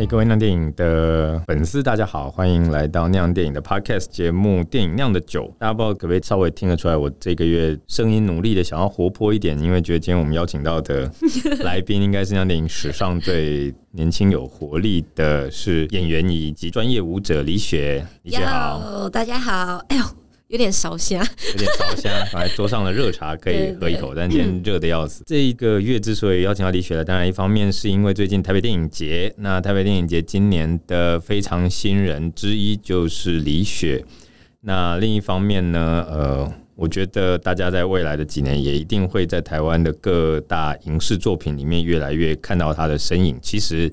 Hey, 各位釀電影的粉絲，大家好，歡迎來到釀電影的 podcast 節目《電影釀的酒》。大家不知道可不可以稍微聽得出來，我這個月聲音努力的想要活潑一點，因為覺得今天我們邀請到的來賓應該是釀電影史上最年輕、有活力的，是演員以及專業舞者李雪。李雪好，Yo, 大家好，哎呦。有點燒香，有點燒香。反正 桌上的熱茶可以喝一口，對對對，但今天熱得要死。嗯、這一個月之所以邀請到李雪了，當然一方面是因為最近台北電影節，那台北電影節今年的非常新人之一就是李雪。那另一方面呢，呃，我覺得大家在未來的幾年也一定會在台灣的各大影視作品裡面越來越看到她的身影。其實。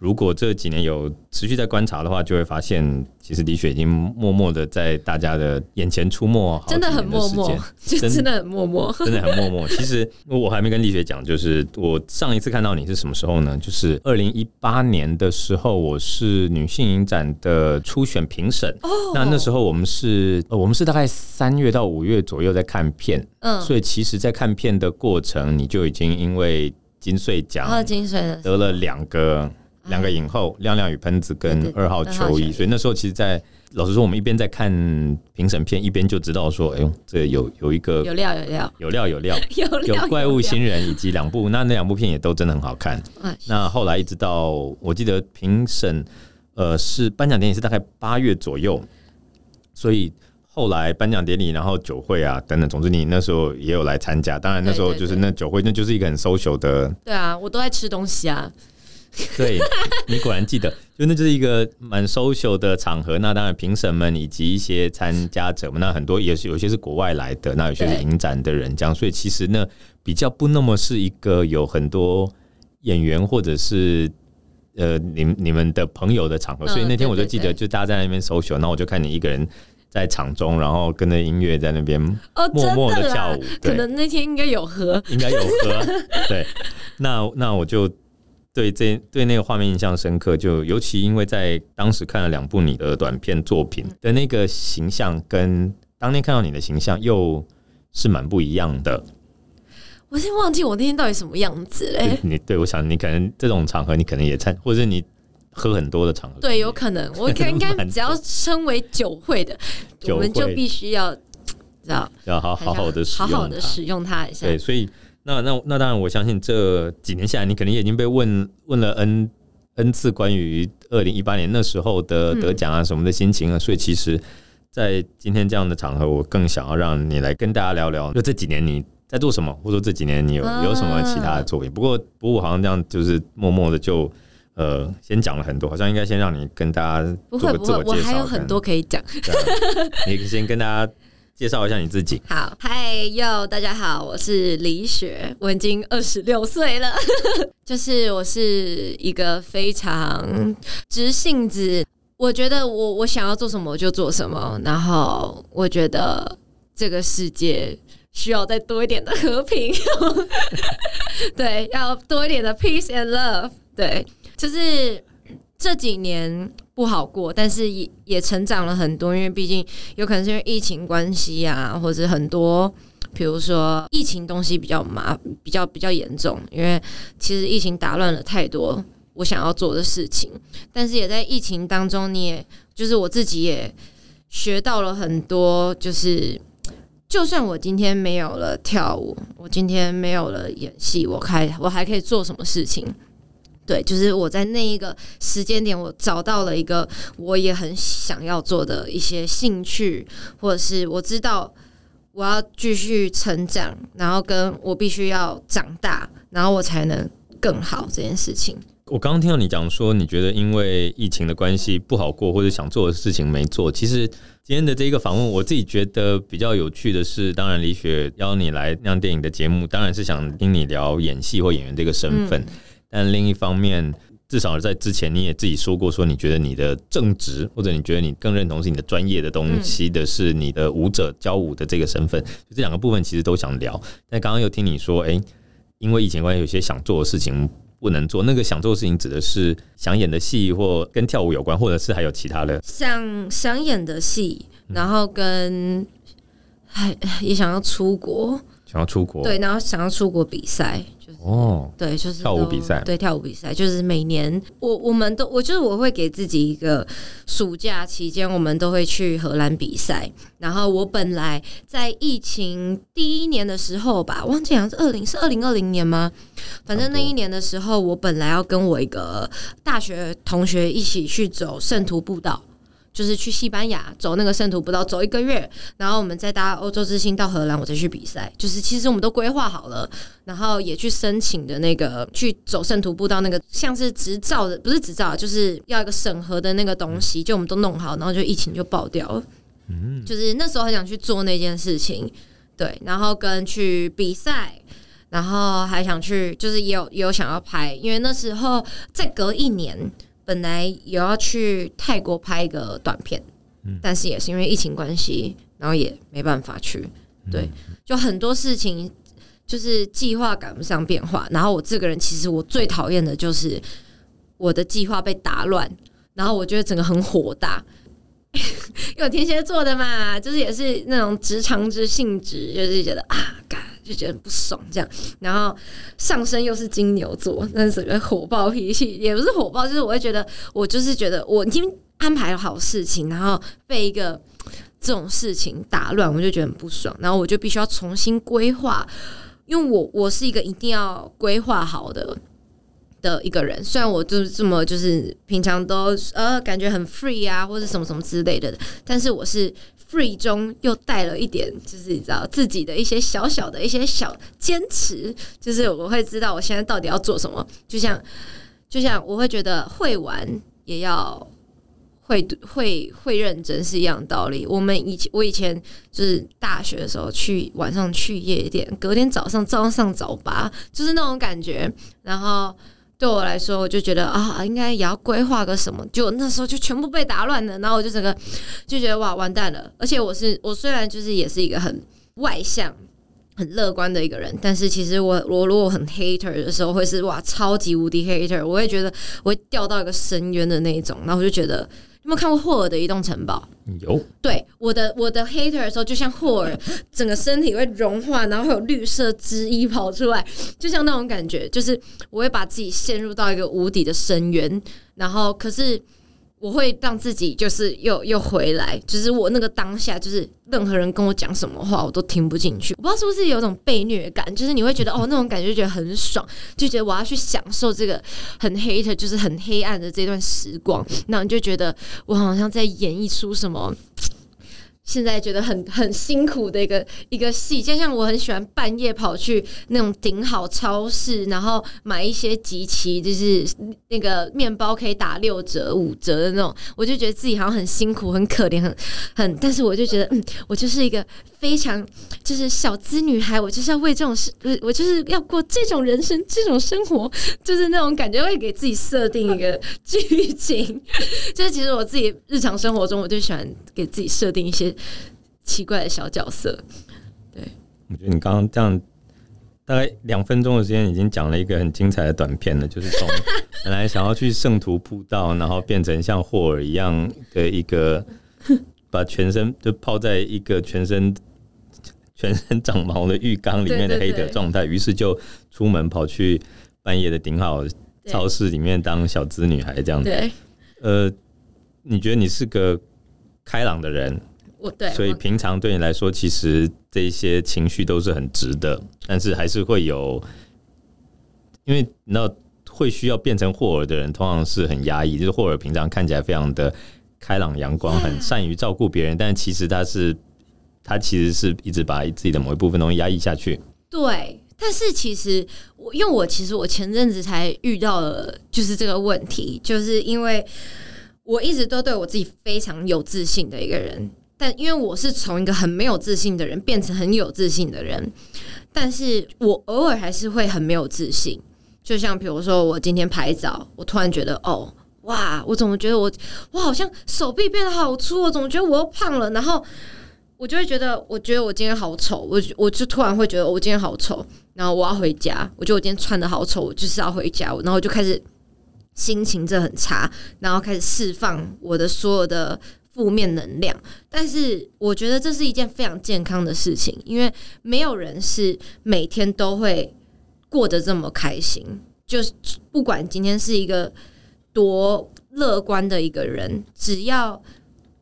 如果這幾年有持續在觀察的話，就會發現，其實李雪已經默默的在大家的眼前出沒，真的很默默，真就真的很默默， 真的很默默。其實我還沒跟李雪講，就是我上一次看到你是什麼時候呢？就是二零一八年的時候，我是女性影展的初選評審。哦，那那時候我們是，我們是大概三月到五月左右在看片，嗯，所以其實，在看片的過程，你就已經因為金穗獎，金穗得了兩個。兩個影後，啊、亮亮與噴子跟二號球衣，對對對，所以那時候其實在，在老實說，我們一邊在看評審片，一邊就知道說，哎呦，這有有一個有料有料，有料有料有料 有料有料有怪物新人以及兩部，那那兩部片也都真的很好看。哎、那後來一直到我記得評審，呃，是頒獎典禮是大概八月左右，所以後來頒獎典禮，然後酒會啊等等，總之你那時候也有來參加，當然那時候就是那酒會，對對對，那就是一個很 social 的，對啊，我都在吃東西啊。 對，你果然記得，就那就是一個蠻 social 的場合。那當然，評審們以及一些參加者們，那很多也是有些是國外來的，那有些是影展的人這樣。對所以其實呢，比較不那麼是一個有很多演員或者是呃，你你們的朋友的場合。所以那天我就記得，就大家在那邊 social，、嗯、對對對，然後我就看你一個人在場中，然後跟着音樂在那邊默默的跳舞。哦啊、對可能那天應該有喝，應該有喝。對， 那那我就。.對這，這對那個畫面印象深刻，就尤其因為在當時看了兩部你的短片作品的那個形象，跟當天看到你的形象又是蠻不一樣的。我先忘記我那天到底什麼樣子嘞。你對，對我想，你可能這種場合，你可能也在，或者是你喝很多的場合。對，有可能我覺得 應該只要稱為酒會的，會我們就必須要知道要好，好好的使好好的使用它一下。對，所以。那那那當然，我相信這幾年下來，你肯定也已經被問問了 n n 次關於二零一八年那時候的得獎啊什麼的心情啊。所以其實，在今天這樣的場合，我更想要讓你來跟大家聊聊，就這幾年你在做什麼，或者這幾年你有有什麼其他的作品。不過，不過我好像這樣就是默默的就呃，先講了很多，好像應該先讓你跟大家做個自我介紹。不會，我我還有很多可以講樣， 你可以先跟大家。介紹一下你自己。好，嗨喲，大家好，我是李雪，我已經二十六歲了。 就是我是一個非常直性子，我覺得我我想要做什麼就做什麼，然後我覺得這個世界需要再多一點的和平， 對，要多一點的 peace and love，對，就是。這幾年不好過，但是也也成長了很多。因為畢竟有可能是因為疫情關係啊，或者很多比如說疫情東西比較麻，比較比較嚴重。因為其實疫情打亂了太多我想要做的事情，但是也在疫情當中，你也就是我自己也學到了很多。就是就算我今天沒有了跳舞，我今天沒有了演戲，我開我還可以做什麼事情？對，就是我在那一個時間點，我找到了一個我也很想要做的一些興趣，或者是我知道我要繼續成長，然後跟我必須要長大，然後我才能更好這件事情。我剛剛聽到你講說，你覺得因為疫情的關係不好過，或者想做的事情沒做。其實今天的這個訪問，我自己覺得比較有趣的是，當然李雪邀你來那樣電影的節目，當然是想聽你聊演戲或演員這個身份。嗯但另一方面，至少在之前你也自己說過，說你覺得你的正職，或者你覺得你更認同是你的專業的東西、嗯、的是你的舞者教舞的這個身份。就這兩個部分其實都想聊，但剛剛又聽你說，哎、欸，因為疫情關係有些想做的事情不能做。那個想做的事情指的是想演的戲，或跟跳舞有關，或者是還有其他的。像想，想演的戲，然後跟，還也想要出國，想要出國，對，然後想要出國比賽。哦，oh, 對，就是跳舞比賽，對，跳舞比賽就是每年我我們都我就是我會給自己一個暑假期間，我們都會去荷蘭比賽。然後我本來在疫情第一年的時候吧，忘記好像是二零是二零二零年嗎？反正那一年的時候，我本來要跟我一個大學同學一起去走聖徒步道。就是去西班牙走那個聖徒步道，走一個月，然後我們再搭歐洲之星到荷蘭，我再去比賽。就是其實我們都規劃好了，然後也去申請的那個去走聖徒步道那個，像是執照的，不是執照，就是要一個審核的那個東西，就我們都弄好，然後就疫情就爆掉了。嗯，就是那時候很想去做那件事情，對，然後跟去比賽，然後還想去，就是也有也有想要拍，因為那時候再隔一年。本來也要去泰國拍一個短片，嗯、但是也是因為疫情關係，然後也沒辦法去。對，嗯、就很多事情就是計劃趕不上變化。然後我這個人其實我最討厭的就是我的計劃被打亂，然後我覺得整個很火大， 因為天蠍座的嘛，就是也是那種直腸子性質，就是覺得啊，幹就覺得不爽，這樣，然後上升又是金牛座，那整個火爆脾氣，也不是火爆，就是我會覺得，我就是覺得我，我已經安排好事情，然後被一個這種事情打亂，我就覺得很不爽，然後我就必須要重新規劃，因為我我是一個一定要規劃好的的一個人，雖然我就是這麼就是平常都呃感覺很 free 啊，或者什麼什麼之類的，但是我是。free 中又帶了一點，就是你知道自己的一些小小的一些小堅持，就是我會知道我現在到底要做什麼。就像就像我會覺得會玩也要會會會認真是一樣道理。我們以前我以前就是大學的時候去晚上去夜店，隔天早上照樣上早八，就是那種感覺。然後。對我來說，我就覺得啊，應該也要規劃個什麼。就那時候就全部被打亂了，然後我就整個就覺得哇，完蛋了。而且我是我雖然就是也是一個很外向、很樂觀的一個人，但是其實我我如果很 hater 的時候，會是哇超級無敵 hater，我會覺得我會掉到一個深淵的那一種，然後我就覺得。有沒有看過霍爾的移動城堡？有，對我的我的 hater 的時候，就像霍爾整個身體會融化，然後會有綠色汁液跑出來，就像那種感覺，就是我會把自己陷入到一個無底的深淵，然後可是。我會讓自己就是又又回來，就是我那個當下，就是任何人跟我講什麼話，我都聽不進去。我不知道是不是有種被虐感，就是你會覺得哦，那種感覺就覺得很爽，就覺得我要去享受這個很 hate 就是很黑暗的這段時光，那你就覺得我好像在演繹出什麼。現在覺得很很辛苦的一個一個戲，就像我很喜歡半夜跑去那種頂好超市，然後買一些即期就是那個麵包可以打六折五折的那種，我就覺得自己好像很辛苦，很可憐，很很，但是我就覺得，嗯，我就是一個。非常就是小資女孩，我就是要為這種事，我我就是要過這種人生，這種生活，就是那種感覺，會給自己設定一個劇情。 就是其實我自己日常生活中，我就喜歡給自己設定一些奇怪的小角色。對，我覺得你剛剛這樣大概兩分鐘的時間，已經講了一個很精彩的短片了，就是從本來想要去聖徒步道， 然後變成像霍爾一樣的一個， 把全身就泡在一個全身。全身長毛的浴缸裡面的黑的狀態，於、嗯、是就出門跑去半夜的頂好超市裡面當小資女孩這樣子。對對呃，你覺得你是個開朗的人？我對，所以平常對你來說，其實這些情緒都是很值得，但是還是會有，因為那會需要變成霍爾的人，通常是很壓抑。就是霍爾平常看起來非常的開朗陽光，對很善於照顧別人，但其實他是。他其實是一直把自己的某一部分東西壓抑下去。對，但是其實我，因為我其實我前陣子才遇到了就是這個問題，就是因為我一直都對我自己非常有自信的一個人，但因為我是從一個很沒有自信的人變成很有自信的人，但是我偶爾還是會很沒有自信。就像比如說，我今天拍照，我突然覺得，哦，哇，我怎麼覺得我我好像手臂變得好粗，我怎麼覺得我又胖了，然後。我就會覺得，我覺得我今天好醜，我我就突然會覺得我今天好醜，然後我要回家。我覺得我今天穿的好醜，我就是要回家，然後我就開始心情就很差，然後開始釋放我的所有的負面能量。但是我覺得這是一件非常健康的事情，因為沒有人是每天都會過得這麼開心。就是不管今天是一個多樂觀的一個人，只要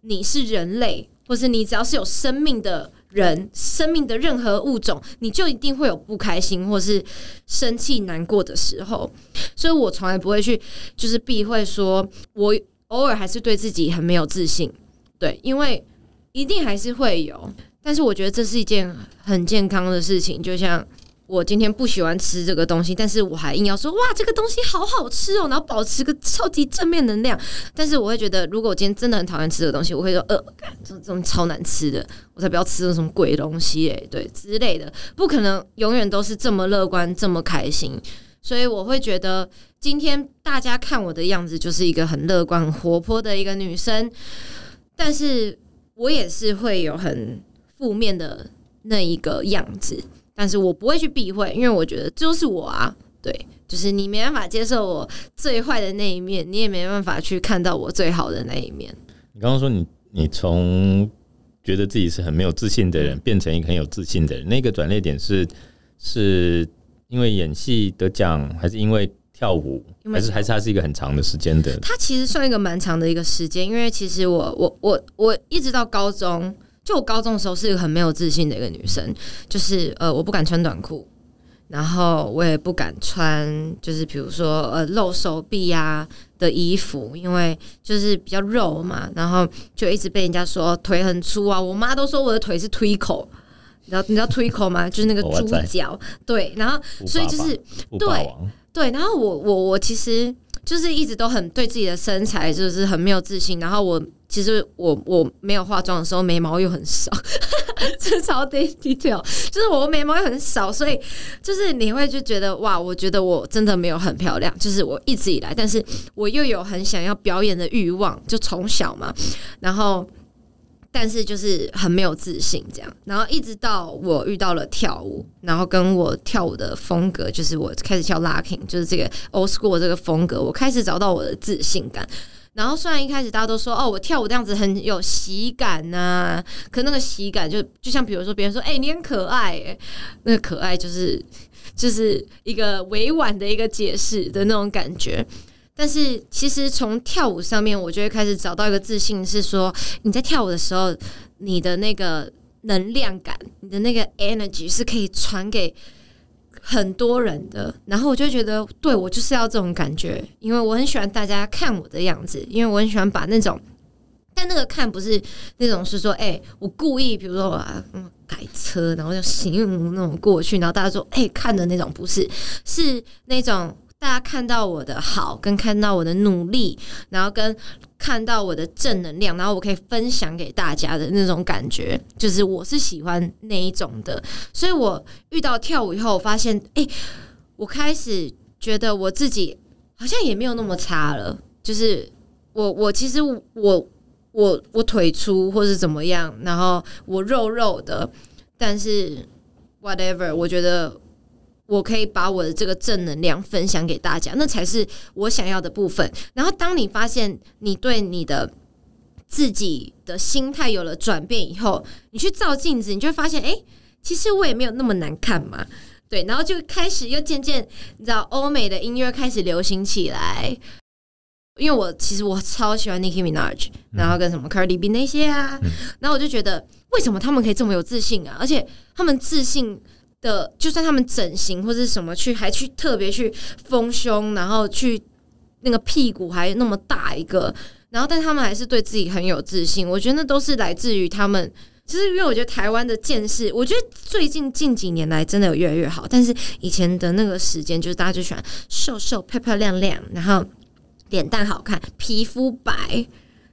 你是人類。或是你只要是有生命的人，生命的任何物種，你就一定會有不開心或是生氣、難過的時候。所以我從來不會去就是避諱說，我偶爾還是對自己很沒有自信。對，因為一定還是會有，但是我覺得這是一件很健康的事情，就像。我今天不喜歡吃這個東西，但是我還硬要說哇，這個東西好好吃哦，然後保持個超級正面能量。但是我會覺得，如果我今天真的很討厭吃這個東西，我會說呃，這種超難吃的，我才不要吃這種鬼東西哎，對之類的，不可能永遠都是這麼樂觀這麼開心。所以我會覺得，今天大家看我的樣子就是一個很樂觀、很活潑的一個女生，但是我也是會有很負面的那一個樣子。但是我不會去避諱，因為我覺得這就是我啊，對，就是你沒辦法接受我最壞的那一面，你也沒辦法去看到我最好的那一面。你剛剛說你你從覺得自己是很沒有自信的人，變成一個很有自信的人，那個轉捩點是是因為演戲得獎，還是因為跳舞？還是還是還是一個很長的時間的？它其實算一個蠻長的一個時間，因為其實我我我我一直到高中。就我高中的時候是一個很沒有自信的一個女生，就是呃，我不敢穿短褲，然後我也不敢穿，就是比如說呃露手臂啊的衣服，因為就是比較肉嘛，然後就一直被人家說腿很粗啊，我媽都說我的腿是腿庫，你知道你知道腿庫嗎？ 就是那個豬腳，對，然後所以就是對對，然後我我我其實。就是一直都很對自己的身材，就是很沒有自信。然後我其實我我沒有化妝的時候，眉毛又很少，這超低低調。就是我眉毛又很少，所以就是你會就覺得哇，我覺得我真的沒有很漂亮。就是我一直以來，但是我又有很想要表演的慾望，就從小嘛，然後。但是就是很沒有自信，這樣。然後一直到我遇到了跳舞，然後跟我跳舞的風格，就是我開始跳 locking，就是這個 old school 這個風格，我開始找到我的自信感。然後雖然一開始大家都說，哦，我跳舞這樣子很有喜感吶、啊，可那個喜感就就像比如說別人說，哎、欸，你很可愛，哎，那個可愛就是就是一個委婉的一個解釋的那種感覺。但是其實從跳舞上面，我就會開始找到一個自信，是說你在跳舞的時候，你的那個能量感，你的那個 energy 是可以傳給很多人的。然後我就覺得，對，我就是要這種感覺，因為我很喜歡大家看我的樣子，因為我很喜歡把那種，但那個看不是那種是說，誒，我故意，比如說我改車，然後就形容那種過去，然後大家說，誒，看的那種不是，是那種。大家看到我的好，跟看到我的努力，然後跟看到我的正能量，然後我可以分享給大家的那種感覺，就是我是喜歡那一種的。所以，我遇到跳舞以後，我發現，哎、欸，我開始覺得我自己好像也沒有那麼差了。就是我，我其實我，我，我腿粗，或是怎麼樣，然後我肉肉的，但是 whatever，我覺得。我可以把我的這個正能量分享給大家，那才是我想要的部分。然後，當你發現你對你的自己的心態有了轉變以後，你去照鏡子，你就會發現，哎、欸，其實我也沒有那麼難看嘛。對，然後就開始又漸漸，你知道歐美的音樂開始流行起來，因為我其實我超喜歡 Nicki Minaj，然後跟什麼 Cardi B 那些啊，然後我就覺得，為什麼他們可以這麼有自信啊？而且他們自信。的，就算他們整形或者什麼去，還去特別去豐胸，然後去那個屁股還那麼大一個，然後但他們還是對自己很有自信。我覺得那都是來自於他們，其實因為我覺得台灣的見識，我覺得最近近幾年來真的有越來越好。但是以前的那個時間，就是大家就喜歡瘦瘦、漂漂亮亮，然後臉蛋好看、皮膚白。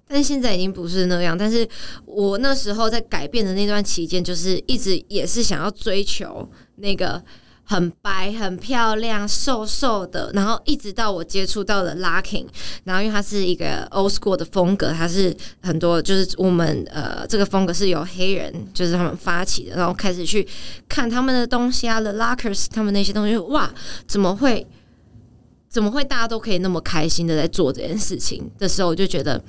但是現在已經不是那樣。但是我那時候在改變的那段期間，就是一直也是想要追求那個很白、很漂亮、瘦瘦的。然後一直到我接觸到了 locking，然後因為它是一個 old school 的風格，它是很多就是我們呃這個風格是由黑人就是他們發起的。然後開始去看他們的東西啊，the lockers 他們那些東西，哇，怎麼會怎麼會大家都可以那麼開心的在做這件事情，的時候我就覺得。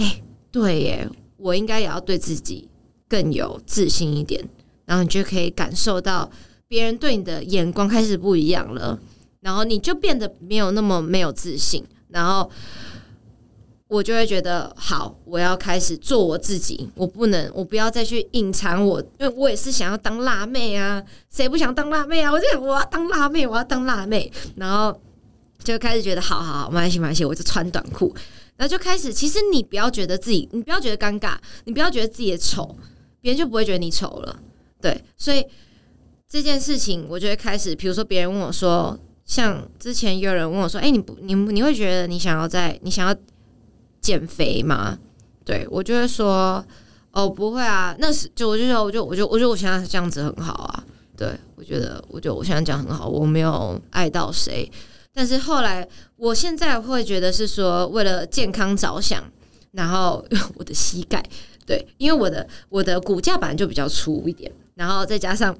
欸、對耶，我應該也要對自己更有自信一點，然後你就可以感受到別人對你的眼光開始不一樣了，然後你就變得沒有那麼沒有自信，然後我就會覺得好，我要開始做我自己，我不能，我不要再去隱藏我，因為我也是想要當辣妹啊，誰不想當辣妹啊？我就想我要當辣妹，我要當辣妹，然後就開始覺得好好好，沒關係沒關係，我就穿短褲。那就開始，其實你不要覺得自己，你不要覺得尷尬，你不要覺得自己醜，別人就不會覺得你醜了。對，所以這件事情，我覺得開始，比如說別人問我說，像之前有人問我說，哎、欸，你不，你你會覺得你想要在你想要減肥嗎？對，我就會說，哦，不會啊，那是就我就說，我就我就我就我現在是這樣子很好啊。對，我覺得，我就我現在這樣很好，我沒有愛到誰。但是後來，我現在會覺得是說為了健康着想，然後我的膝蓋，對，因為我的我的骨架本來就比較粗一點，然後再加上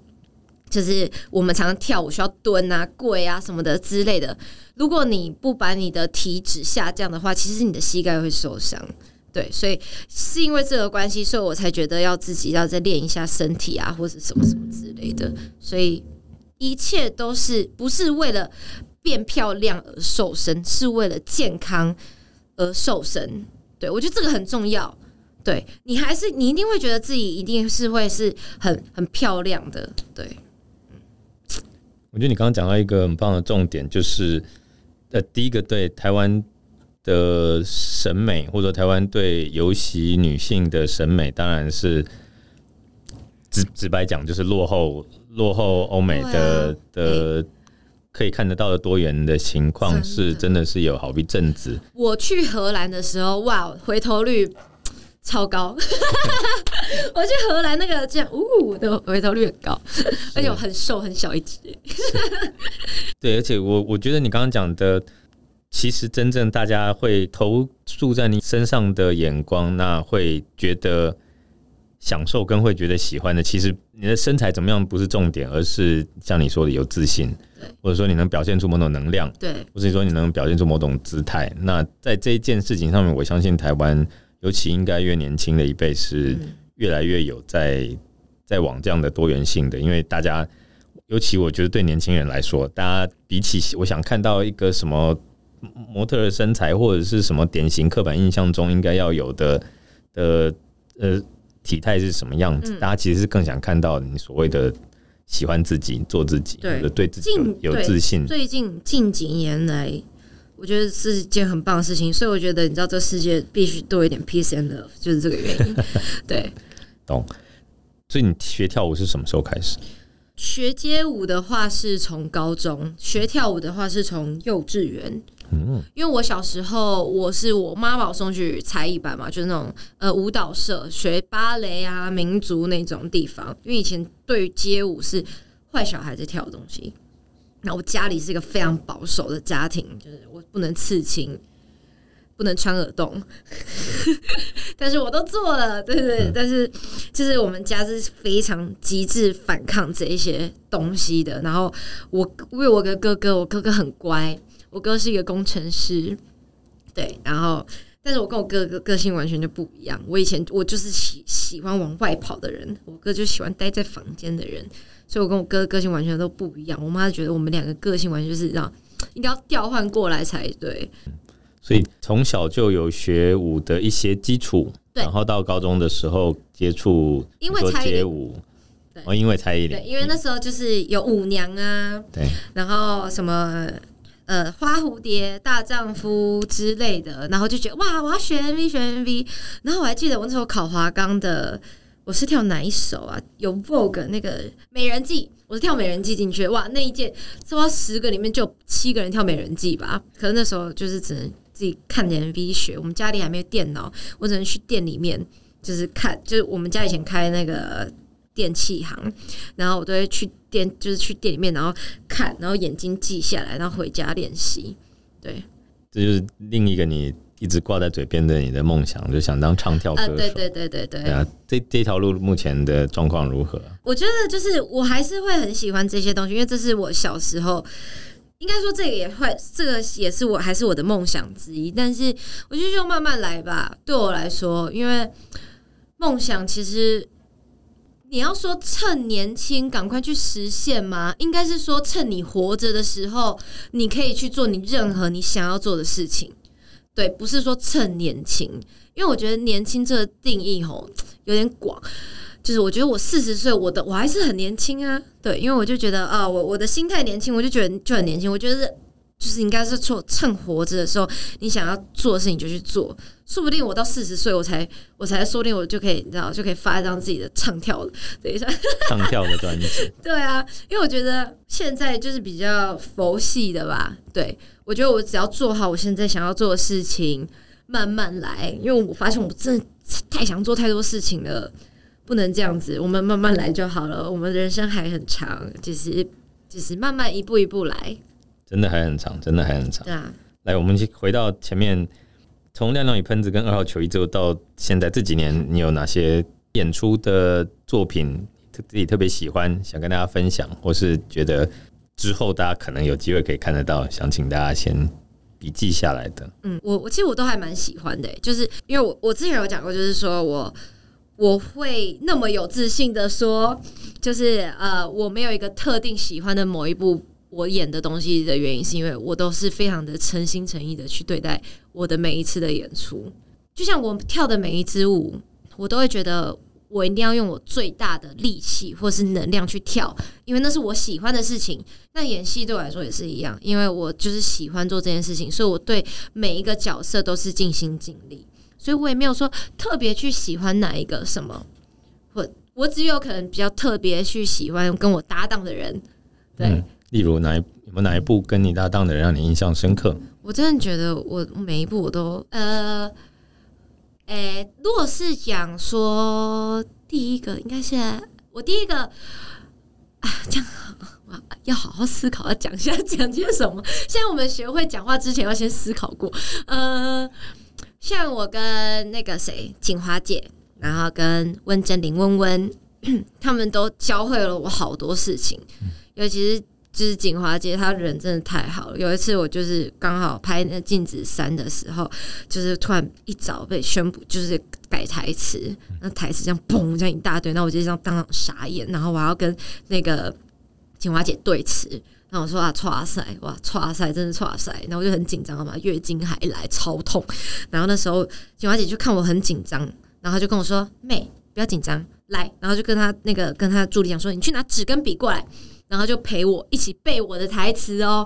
就是我們常常跳舞需要蹲啊、跪啊什麼的之類的。如果你不把你的體脂下降的話，其實你的膝蓋會受傷。對，所以是因為這個關係，所以我才覺得要自己要再練一下身體啊，或者什麼什麼之類的。所以一切都是不是為了。變漂亮而瘦身，是為了健康而瘦身。對，我覺得這個很重要。對，你還是你一定會覺得自己一定是會是很很漂亮的。對，嗯，我覺得你剛剛講到一個很棒的重點，就是呃，第一個對台灣的審美，或者說台灣對尤其女性的審美，當然是直直白講，就是落後落後歐美的、對啊、的。的可以看得到的多元的情況是，真的是有好一陣子。我去荷蘭的時候，哇，回頭率超高。 我去荷蘭那個這樣，嗚、哦，我的回頭率很高，是而且我很瘦，很小一隻。對，而且我我覺得你剛剛講的，其實真正大家會投注在你身上的眼光，那會覺得。享受跟會覺得喜歡的，其實你的身材怎麼樣不是重點，而是像你說的有自信，或者說你能表現出某種能量，對，或者說你能表現出某種姿態。對，那在這一件事情上面，我相信台灣尤其應該越年輕的一輩是越來越有在在往這樣的多元性的，因為大家尤其我覺得對年輕人來說，大家比起我想看到一個什麼模特的身材或者是什麼典型刻板印象中應該要有的的呃。體態是什麼樣子？嗯、大家其實是更想看到你所謂的喜歡自己、做自己，或對，對自己有，有自信。最近近幾年來，我覺得是件很棒的事情，所以我覺得你知道，這世界必須多一點 peace and love，就是這個原因。 對，懂。所以你學跳舞是什麼時候開始？學街舞的話是從高中，學跳舞的話是從幼稚園。因為我小時候我是我媽把我送去才藝班嘛，就是那種呃舞蹈社，學芭蕾啊、民族那種地方。因為以前對於街舞是壞小孩在跳的東西，然後我家裡是一個非常保守的家庭，就是我不能刺青，不能穿耳洞， 但是我都做了，對對、對，嗯，但是就是我們家是非常極致反抗這一些東西的。然後我為我的哥、哥哥，我哥哥很乖。我哥是一個工程師，對，然後但是我跟我哥個個性完全就不一樣。我以前我就是喜喜歡往外跑的人，我哥就喜歡待在房間的人，所以我跟我哥的個性完全都不一樣。我媽覺得我們兩個個性完全就是讓應該要調換過來才對。所以從小就有學舞的一些基礎，對，然後到高中的時候接觸因為才街舞，對哦，因為才藝，對。因為那時候就是有舞娘啊，對，然後什麼。呃，花蝴蝶、大丈夫之類的，然後就覺得哇，我要學 MV，學 MV。然後我還記得我那時候考華岡的，我是跳哪一首啊？有 Vogue 那個《美人計》，我是跳《美人計》進去。哇，那一屆，差不多十個裡面就有七個人跳《美人計》吧？可能那時候就是只能自己看 MV 學，我們家裡還沒有電腦，我只能去店裡面，就是看，就是我們家以前開那個電器行，然後我都會去。店就是去店裡面，然後看，然後眼睛記下來，然後回家練習。對，這就是另一個你一直掛在嘴邊的你的夢想，就想當唱跳歌手。啊、對，對對對對對。對啊，這這條路目前的狀況如何？我覺得就是我還是會很喜歡這些東西，因為這是我小時候，應該說這個也會，這個也是我還是我的夢想之一。但是我覺得就慢慢來吧。對我來說，因為夢想其實。你要說趁年輕趕快去實現嗎？應該是說趁你活着的時候，你可以去做你任何你想要做的事情。對，不是說趁年輕，因為我覺得年輕這個定義吼有點廣。就是我覺得我四十歲，我的我還是很年輕啊。對，因為我就覺得啊，我我的心態年輕，我就覺得就很年輕，我覺得。就是應該是做，趁活着的時候，你想要做的事情就去做。說不定我到四十歲，我才我才說不定我就可以，你知道就可以發一張自己的唱跳了。等一下，唱跳的專輯。對啊，因為我覺得現在就是比較佛系的吧。對我覺得我只要做好我現在想要做的事情，慢慢來。因為我發現我真的太想做太多事情了，不能這樣子。我們慢慢來就好了。我們人生還很長，就是就是慢慢一步一步來。真的還很長，真的還很長。對啊，來，我們去回到前面，從《亮亮與噴子》跟《二號球衣》之後到現在這幾年，你有哪些演出的作品，特自己特別喜歡，想跟大家分享，或是覺得之後大家可能有機會可以看得到，想請大家先筆記下來的？嗯，我我其實我都還蠻喜歡的、欸，就是因為我我之前有講過，就是說我我會那麼有自信的說，就是呃，我沒有一個特定喜歡的某一部。我演的東西的原因，是因為我都是非常的誠心誠意的去對待我的每一次的演出。就像我跳的每一支舞，我都會覺得我一定要用我最大的力氣或是能量去跳，因為那是我喜歡的事情。那演戲對我來說也是一樣，因為我就是喜歡做這件事情，所以我對每一個角色都是盡心盡力。所以我也沒有說特別去喜歡哪一個什麼，我我只有可能比較特別去喜歡跟我搭檔的人，對。嗯例如哪一，有沒有哪一部跟你搭檔的人讓你印象深刻？我真的覺得我每一部我都呃，誒、欸，如果是講說，第一個應該是、啊、我第一個、啊、這樣我要好好思考要、啊、講下講些什麼。像我們學會講話之前要先思考過，呃，像我跟那個誰景華姐，然後跟溫貞菱溫溫，他們都教會了我好多事情，嗯、尤其是。就是景華姐，她人真的太好了。有一次，我就是剛好拍那鏡子三的時候，就是突然一早被宣布就是改台詞，那台詞這樣嘣這樣一大堆，那我就這樣當場傻眼。然後我要跟那個景華姐對詞，然後我說啊，剉賽，哇，剉賽，真的剉賽。然後我就很緊張嘛，月經還來超痛。然後那時候景華姐就看我很緊張，然後她就跟我說：“妹，不要緊張，來。”然後就跟她那個跟她助理講說：“你去拿紙跟筆過來。”然後就陪我一起背我的台詞哦，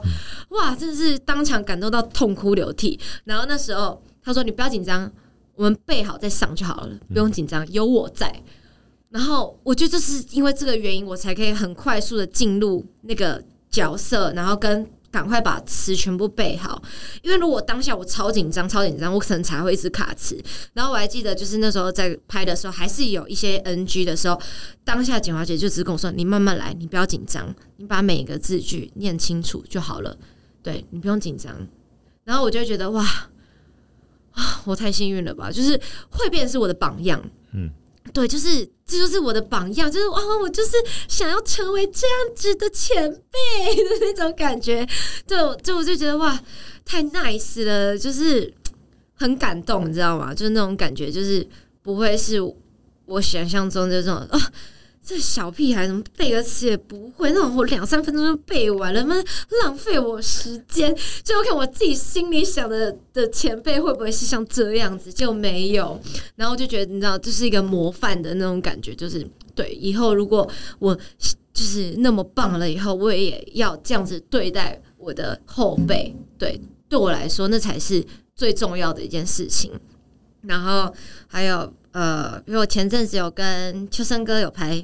哇，真的是當場感動到痛哭流涕。然後那時候他說：“你不要緊張，我們背好再上就好了，不用緊張，有我在。”然後我覺得就是因為這個原因，我才可以很快速的進入那個角色，然後跟。趕快把詞全部背好，因為如果當下我超緊張、超緊張，我可能才會一直卡詞。然後我還記得，就是那時候在拍的時候，還是有一些 NG 的時候，當下景華姐就只跟我說：“你慢慢來，你不要緊張，你把每個字句念清楚就好了。”對，你不用緊張。然後我就覺得哇，哇，我太幸運了吧！就是會變成是我的榜樣，嗯。對，就是這就是我的榜樣，就是哇、哦，我就是想要成為這樣子的前輩的那種感覺就。就就我就覺得哇，太 nice 了，就是很感動，你知道嗎？就是那種感覺，就是不會是我想象中的這種啊。哦這小屁孩怎麼背個詞也不會？那種我兩三分鐘就背完了嗎？能能浪費我時間！就看我自己心裡想的的前輩會不會是像這樣子就沒有？然後我就覺得，你知道，這、就是一個模範的那種感覺，就是對以後如果我就是那麼棒了，以後我也要這樣子對待我的後輩。對，對我來說，那才是最重要的一件事情。然後還有呃，因為我前陣子有跟秋生哥有拍。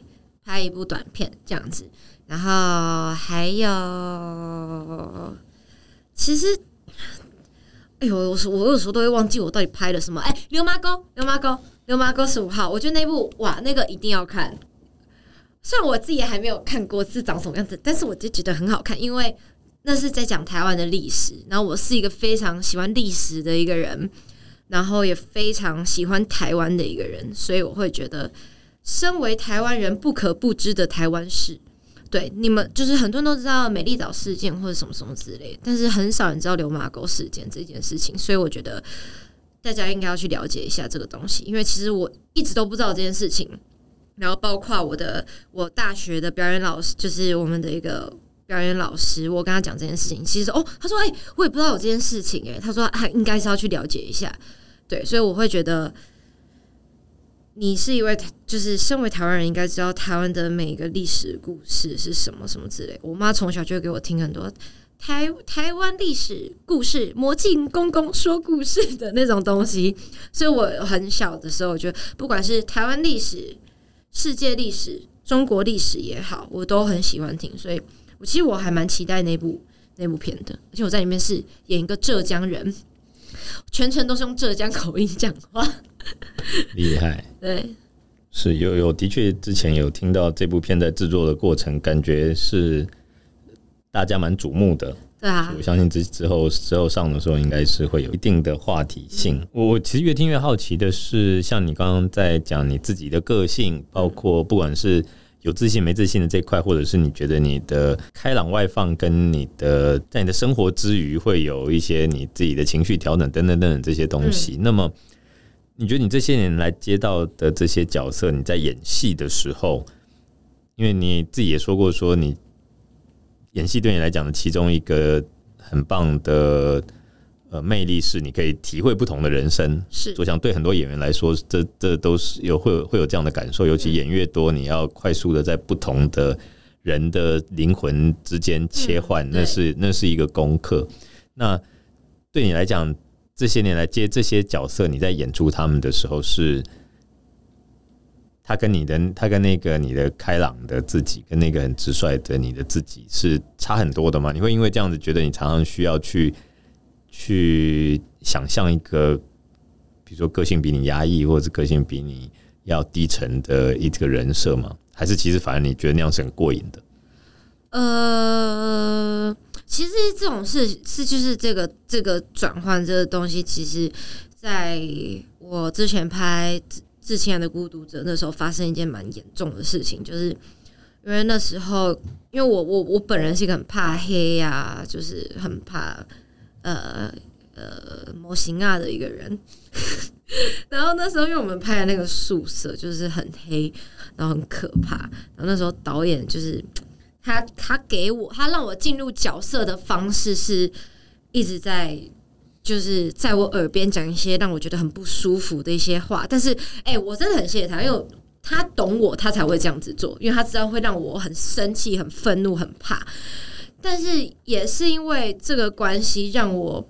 拍一部短片這樣子，然後還有其實，哎呦，我我有時候都會忘記我到底拍了什麼。哎、欸，流麻溝、流麻溝、流麻溝，十五號，我覺得那部哇，那個一定要看。雖然我自己也還沒有看過是長什麼樣子，但是我就覺得很好看，因為那是在講台灣的歷史。然後我是一個非常喜歡歷史的一個人，然後也非常喜歡台灣的一個人，所以我會覺得。身為台灣人不可不知的台灣事。對，對，你們就是很多人都知道美麗島事件或者什麼什麼之類，但是很少人知道流麻溝事件這件事情，所以我覺得大家應該要去了解一下這個東西，因為其實我一直都不知道這件事情。然後包括我的我大學的表演老師，就是我們的一個表演老師，我跟他講這件事情，其實哦，他說哎、欸，我也不知道有這件事情哎、欸，他說他、啊、應該是要去了解一下，對，所以我會覺得。你是一位，就是身為台灣人，應該知道台灣的每一個歷史故事是什麼什麼之類。我媽從小就給我聽很多台台灣歷史故事、魔鏡公公說故事的那種東西，所以我很小的時候，我覺得不管是台灣歷史、世界歷史、中國歷史也好，我都很喜歡聽。所以，我其實我還蠻期待那部那部片的，而且我在裡面是演一個浙江人，全程都是用浙江口音講話。厲害，對，是有有，的確，之前有聽到這部片在制作的過程，感覺是大家蠻矚目的。對啊，我相信之之後之後上的時候，應該是會有一定的話題性。我、嗯、我其實越聽越好奇的是，像你剛剛在講你自己的個性，包括不管是有自信沒自信的這塊，或者是你覺得你的開朗外放，跟你的在你的生活之餘會有一些你自己的情緒調整等等等等這些東西。嗯、那麼你覺得你這些年來接到的這些角色，你在演戲的時候，因為你自己也說過，說你演戲對你來講的其中一個很棒的呃魅力是，你可以體會不同的人生。是，我想對很多演員來說這，這這都是有會有會有這樣的感受。尤其演越多，你要快速的在不同的人的靈魂之間切換，嗯，那是那是一個功課。那對你來講，這些年來接這些角色，你在演出他們的時候，是他跟你的，他跟那個你的開朗的自己，跟那個很直率的你的自己，是差很多的嗎？你會因為這樣子覺得你常常需要去去想象一個，比如說個性比你壓抑，或者個性比你要低沉的一個人設嗎？還是其實反而你覺得那樣是很過癮的？呃、uh。其實這種事是就是這個這個轉換這個東西，其實在我之前拍之前的孤獨者，致親愛的孤獨者那時候發生一件蠻嚴重的事情，就是因為那時候因為我我我本人是一個很怕黑呀、啊，就是很怕呃呃模型啊的一個人， 然後那時候因為我們拍的那個宿舍就是很黑，然後很可怕，然後那時候導演就是。他他給我，他讓我進入角色的方式是，一直在就是在我耳邊講一些讓我覺得很不舒服的一些話。但是，哎、欸，我真的很謝謝他，因為他懂我，他才會這樣子做，因為他知道會讓我很生氣、很憤怒、很怕。但是，也是因為這個關係，讓我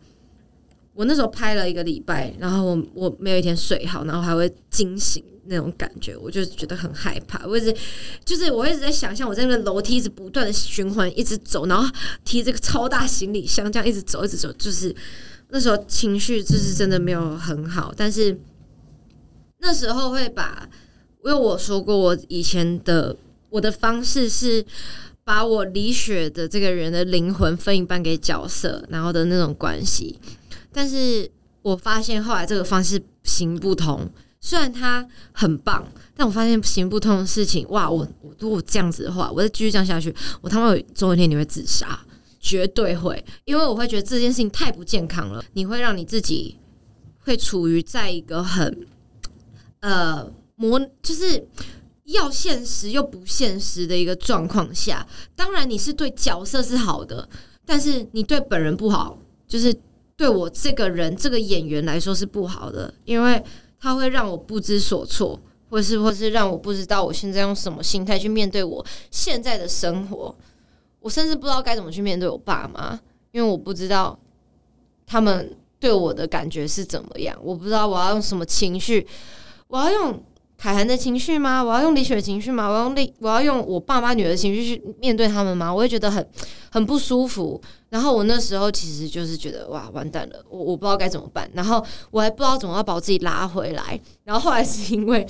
我那時候拍了一個禮拜，然後我我沒有一天睡好，然後還會驚醒。那種感覺，我就覺得很害怕。我一直，就是我一直在想象我在那樓梯，一直不斷的循環，一直走，然後提這個超大行李箱，這樣一直走，一直走。就是那時候情緒，就是真的沒有很好。但是那時候會把，因為我說過，我以前的我的方式是把我李雪的這個人的靈魂分一半給角色，然後的那種關係。但是我發現後來這個方式行不通。雖然他很棒，但我發現行不通的事情。哇！我我如果這樣子的話，我再繼續這樣下去，我他媽有總有一天你會自殺，絕對會，因為我會覺得這件事情太不健康了。你會讓你自己會處於在一個很呃模，就是要現實又不現實的一個狀況下。當然，你是對角色是好的，但是你對本人不好，就是對我這個人這個演員來說是不好的，因為。他會讓我不知所措，或是或是讓我不知道我現在用什麼心態去面對我現在的生活。我甚至不知道該怎麼去面對我爸媽，因為我不知道他們對我的感覺是怎麼樣，我不知道我要用什麼情緒，我要用。凱涵的情緒嗎？我要用李雪的情緒嗎？我要用，我要用我爸媽女兒的情緒去面對他們嗎？我會覺得很很不舒服。然後我那時候其實就是覺得，哇，完蛋了，我我不知道該怎麼辦。然後我還不知道怎麼要把我自己拉回來。然後後來是因為，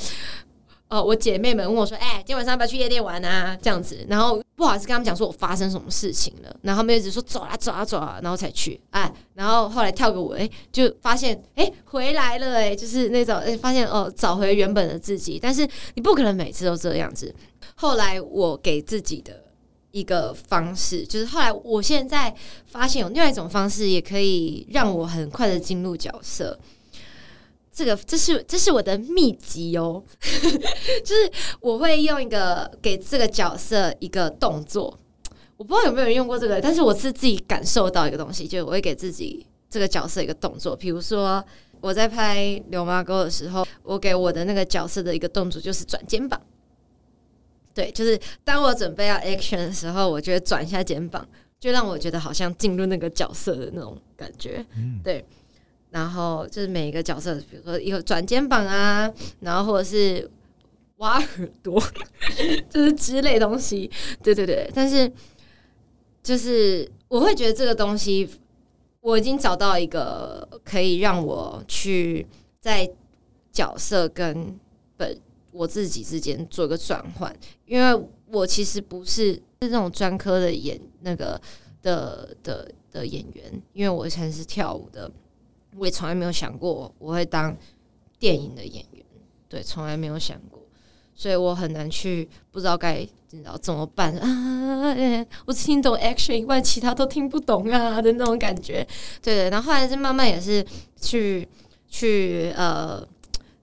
呃、哦，我姐妹們問我說，哎、欸，今天晚上要不要去夜店玩啊？這樣子，然後。不好意思，跟他們講說我發生什麼事情了，然後他們一直說走啦走啦走啦，然後才去哎、啊，然後後來跳個舞，哎、欸，就發現哎、欸、回來了哎、欸，就是那種哎、欸、發現哦，找回原本的自己，但是你不可能每次都這樣子。後來我給自己的一個方式，就是後來我現在發現有另外一種方式也可以讓我很快的進入角色。這個這是這是我的秘籍喲、哦， 就是我會用一個給這個角色一個動作，我不知道有沒有人用過這個，但是我是自己感受到一個東西，就是我會給自己這個角色一個動作。比如說我在拍《流麻溝》的時候，我給我的那個角色的一個動作就是轉肩膀，對，就是當我準備要 action 的時候，我覺得轉一下肩膀，就讓我覺得好像進入那個角色的那種感覺，對。嗯然後就是每一個角色，比如說有轉肩膀啊，然後或者是挖耳朵，就是之類的東西。對對對，但是就是我會覺得這個東西，我已經找到一個可以讓我去在角色跟本我自己之間做一個轉換，因為我其實不是是那種專科的演那個的的的演員，因為我以前是跳舞的。我也從來沒有想過我會當電影的演員，對，從來沒有想過，所以我很難去不知道該怎麼辦啊！我只聽懂 action，以外其他都聽不懂啊的那種感覺，對的，然後後來就慢慢也是去去呃，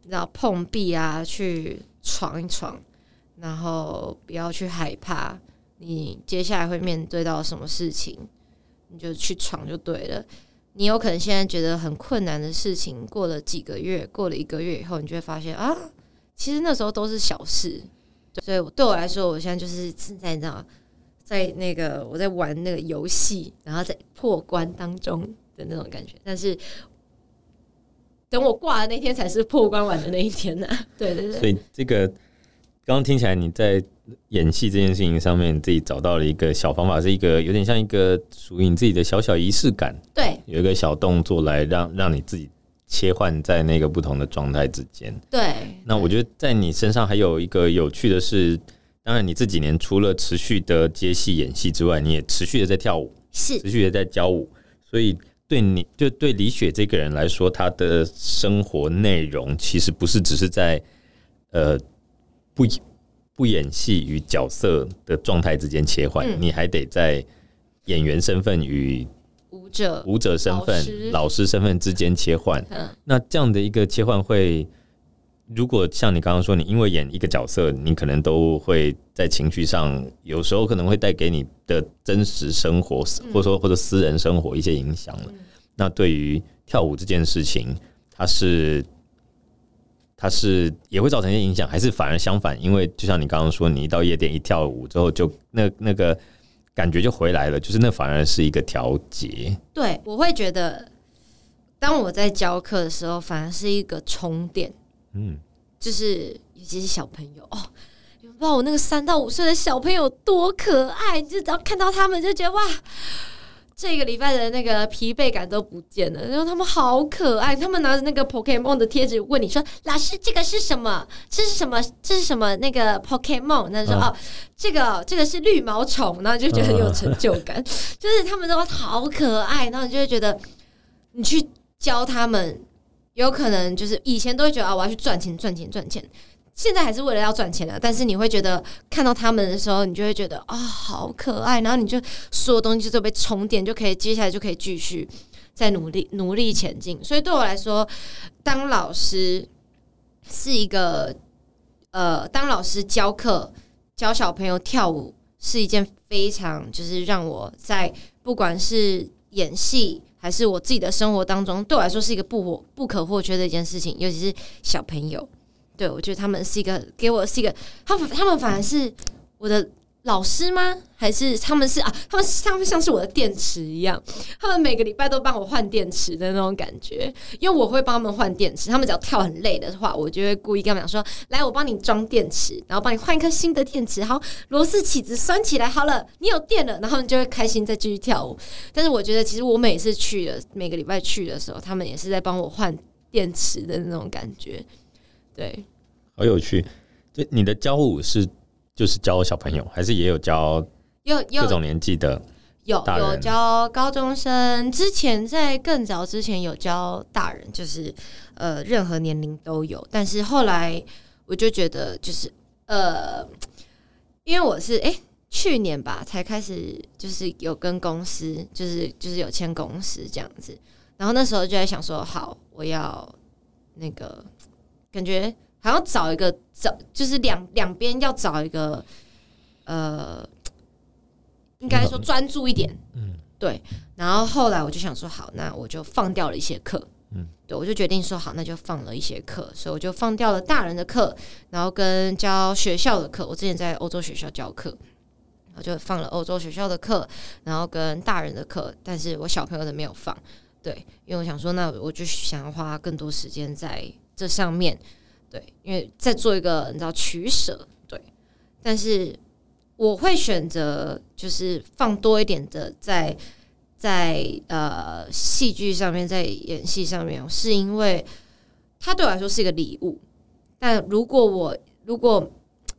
然後碰壁啊，去闖一闖，然後不要去害怕你接下來會面對到什麼事情，你就去闖就對了。你有可能現在覺得很困難的事情，過了幾個月，過了一個月以後，你就會發現啊，其實那時候都是小事。所以對我來說，我現在就是現在，你知道嗎，在那個我在玩那個遊戲，然後在破關當中的那種感覺。但是等我掛的那天才是破關完的那一天呢、啊。 對對對，對。所以這個。剛剛聽起來你在演戲這件事情上面，你自己找到了一個小方法，是一個有點像，一個屬於你自己的小小儀式感。對，有一個小動作來讓讓你自己切換在那個不同的狀態之間。對，那我覺得在你身上還有一個有趣的是，當然你這幾年除了持續的接戲演戲之外，你也持續的在跳舞，是持續的在教舞，所以對你就對李雪這個人來說，他的生活內容其實不是只是在呃。不不演戲與角色的狀態之間切換，嗯、你還得在演員身份與舞者老師舞者身份、老師，老師身份之間切換。嗯嗯、那這樣的一個切換會，如果像你剛剛說，你因為演一個角色，你可能都會在情緒上，有時候可能會帶給你的真實生活，嗯、或者說或者私人生活一些影響了。嗯、那對於跳舞這件事情，它是。它是也會造成一些影響，還是反而相反？因為就像你剛剛說，你一到夜店一跳舞之後就，就那那個感覺就回來了，就是那反而是一個調節。對，我會覺得，當我在教課的時候，反而是一個充電。嗯，就是尤其是小朋友哦，你們不知道我那個三到五歲的小朋友多可愛，你就只要看到他們就覺得哇。這個禮拜的那個疲憊感都不見了，然後他們好可愛，他們拿着那個 Pokémon 的貼紙問你說：“老師，這個是什麼？這是什麼？這是什麼？那個 Pokémon？” 那時說：“啊、哦，這個這個是綠毛蟲。”然後就覺得很有成就感，啊、就是他們都好可愛， 然後你就會覺得你去教他們，有可能就是以前都會覺得啊，我要去賺錢，賺錢，賺錢。現在還是為了要賺錢的，啊，但是你會覺得看到他們的時候，你就會覺得啊，哦，好可愛。然後你就所有東西就都被重疊，就可以接下來就可以繼續再努力努力前進。所以對我來說，當老師是一個呃，當老師教課教小朋友跳舞是一件非常就是讓我在不管是演戲還是我自己的生活當中，對我來說是一個不不可或缺的一件事情，尤其是小朋友。對，我覺得他們是一個給我是一個，他們他們反而是我的老師嗎？還是他們是啊？他們像像是我的電池一樣，他們每個禮拜都幫我換電池的那種感覺。因為我會幫他們換電池，他們只要跳很累的話，我就會故意跟他們講說：“來，我幫你裝電池，然後幫你換一顆新的電池。”好，螺絲起子拴起來，好了，你有電了，然後你就會開心再繼續跳舞。但是我覺得，其實我每次去的每個禮拜去的時候，他們也是在幫我換電池的那種感覺。對，好有趣。就你的教舞是就是教小朋友，還是也有教有各種年紀的有？有有教高中生，之前在更早之前有教大人，就是呃，任何年齡都有。但是後來我就覺得，就是呃，因為我是哎、欸，去年吧才開始，就是有跟公司，就是就是有簽公司這樣子。然後那時候就在想說，好，我要那個。感覺還要找一個，找就是兩兩邊要找一個，呃，應該說專注一點。嗯，對。然後後來我就想說，好，那我就放掉了一些課。嗯，對，我就決定說，好，那就放了一些課。所以我就放掉了大人的課，然後跟教學校的課。我之前在歐洲學校教課，我就放了歐洲學校的課，然後跟大人的課。但是我小朋友的沒有放，對，因為我想說，那我就想要花更多時間在。這上面，對，因為在做一個你知道取捨，對，但是我會選擇就是放多一點的在在呃戲劇上面，在演戲上面，是因為他對我來說是一個禮物。但如果我如果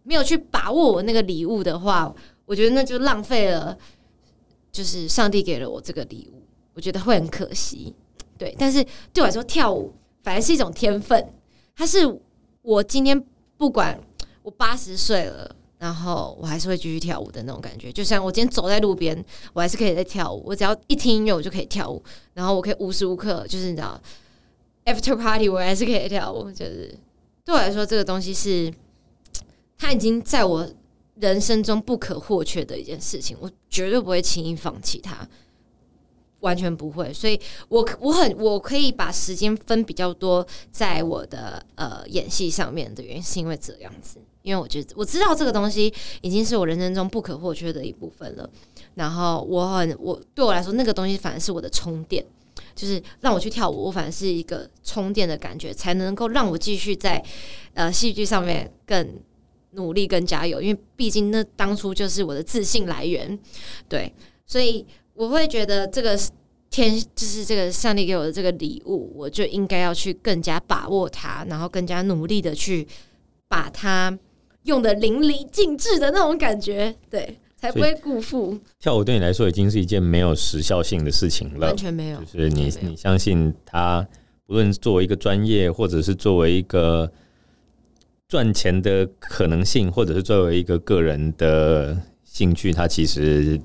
沒有去把握我那個禮物的話，我覺得那就浪費了，就是上帝給了我這個禮物，我覺得會很可惜。對，但是對我來說跳舞，本來是一種天分，它是我今天不管我八十歲了，然後我還是會繼續跳舞的那種感覺。就像我今天走在路邊，我還是可以在跳舞。我只要一聽音樂，我就可以跳舞。然後我可以無時無刻，就是你知道，after party 我還是可以跳舞。就是對我來說，這個東西是它已經在我人生中不可或缺的一件事情。我絕對不會輕易放棄它。完全不會，所以我我很我可以把時間分比較多在我的呃演戲上面的原因是因為這樣子，因為我覺得我知道這個東西已經是我人生中不可或缺的一部分了。然後我很我對我來說那個東西反而是我的充電，就是讓我去跳舞，我反正是一個充電的感覺，才能夠讓我繼續在呃戲劇上面更努力更加油。因為畢竟那當初就是我的自信來源，對，所以。我會覺得這個天就是這個上帝給我的這個禮物，我就應該要去更加把握它，然後更加努力的去把它用的淋漓盡致的那種感覺，對，才不會辜負。跳舞對你來說已經是一件沒有時效性的事情了，完全沒有。就是你，你相信他，不論是作為一個專業，或者是作為一個賺錢的可能性，或者是作為一個個人的興趣，他其實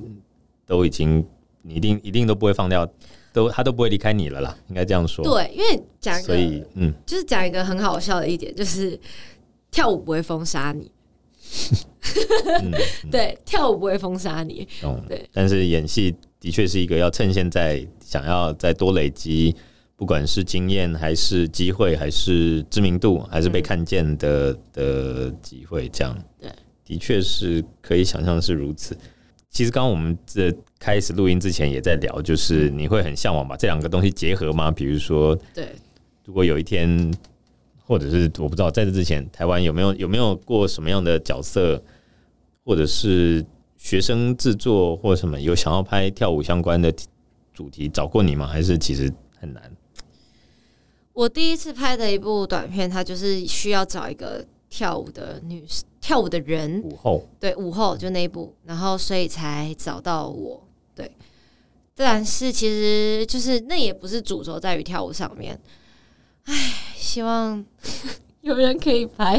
都已經。你一定一定都不會放掉，都他都不會離開你了啦，應該這樣說。對，因為講，所以嗯，就是講一個很好笑的一點，就是跳舞不會封殺你，嗯、 對，嗯、跳舞不會封殺你，對。嗯、但是演戲的確是一個要趁現在想要再多累積，不管是經驗還是機會，還是知名度，還是被看見的、嗯、的機會，這樣對，的確是可以想象是如此。其實剛剛我們這。開始錄音之前也在聊，就是你會很向往把這兩個東西結合嗎？比如說，對，如果有一天，或者是我不知道，在這之前，台灣有沒有有沒有過什麼樣的角色，或者是學生制作或什麼有想要拍跳舞相關的主題，找過你嗎？還是其實很難？我第一次拍的一部短片，它就是需要找一個跳舞的女跳舞的人，舞後，對，舞後就那一部，然後所以才找到我。對，但是其實就是那也不是主軸在於跳舞上面。唉，希望有人可以拍，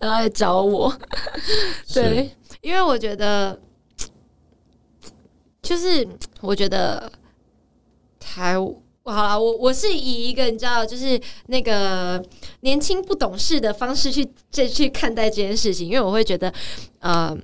然後來找我。 對，是因為我覺得，就是我覺得，台舞好了，我我是以一個你知道，就是那個年輕不懂事的方式去去去看待這件事情，因為我會覺得，嗯、呃。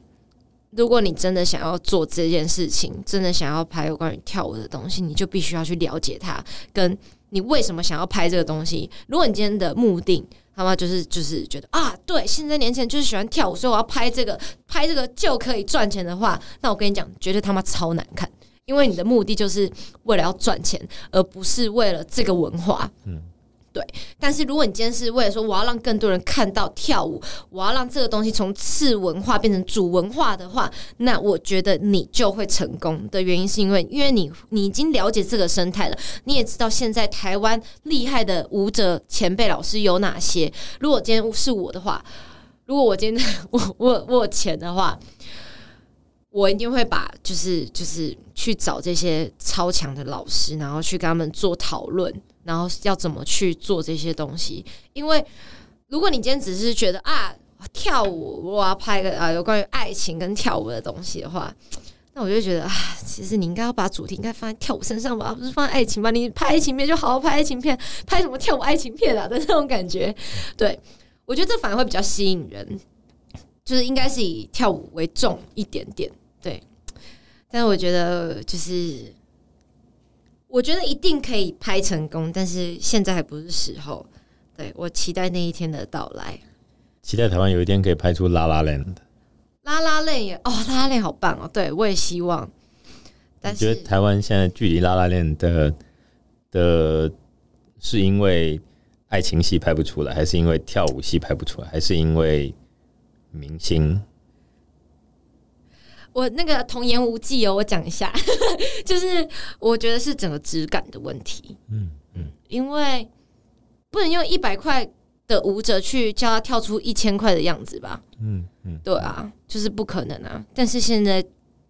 如果你真的想要做這件事情，真的想要拍有關於跳舞的東西，你就必須要去了解它，跟你為什麼想要拍這個東西。如果你今天的目的他媽就是就是覺得啊，對，現在年輕人就是喜歡跳舞，所以我要拍這個，拍這個就可以賺錢的話，那我跟你講，絕對他媽超難看，因為你的目的就是為了要賺錢，而不是為了這個文化。嗯。對，但是如果你今天是為了說，我要讓更多人看到跳舞，我要讓這個東西從次文化變成主文化的話，那我覺得你就會成功的原因是因為因為你你已經了解這個生態了，你也知道現在台灣厲害的舞者前輩老師有哪些。如果今天是我的話，如果我今天我我我有錢的話，我一定會把就是就是去找這些超強的老師，然後去跟他們做討論。然後要怎麼去做這些東西？因為如果你今天只是覺得啊，跳舞，我要拍個啊有關於愛情跟跳舞的東西的話，那我就覺得啊，其實你應該要把主題應該放在跳舞身上吧，不是放在愛情吧？你拍愛情片就好好拍愛情片，拍什麼跳舞愛情片啊的那種感覺。對我覺得這反而會比較吸引人，就是應該是以跳舞為重一點點。對，但是我覺得就是。我覺得一定可以拍成功，但是現在還不是時候。對，我期待那一天的到來，期待台灣有一天可以拍出 La La Land。La La Land 也哦，La La Land 好棒哦！對，我也希望。但是，你覺得台灣現在距離 La La Land 的，嗯、的，是因為愛情戲拍不出來，還是因為跳舞戲拍不出來，還是因為明星？我那個童言無忌哦，我講一下， 就是我覺得是整個質感的問題，嗯嗯，嗯因為不能用一百塊的舞者去教他跳出一千塊的樣子吧，嗯嗯，嗯對啊，就是不可能啊，但是現在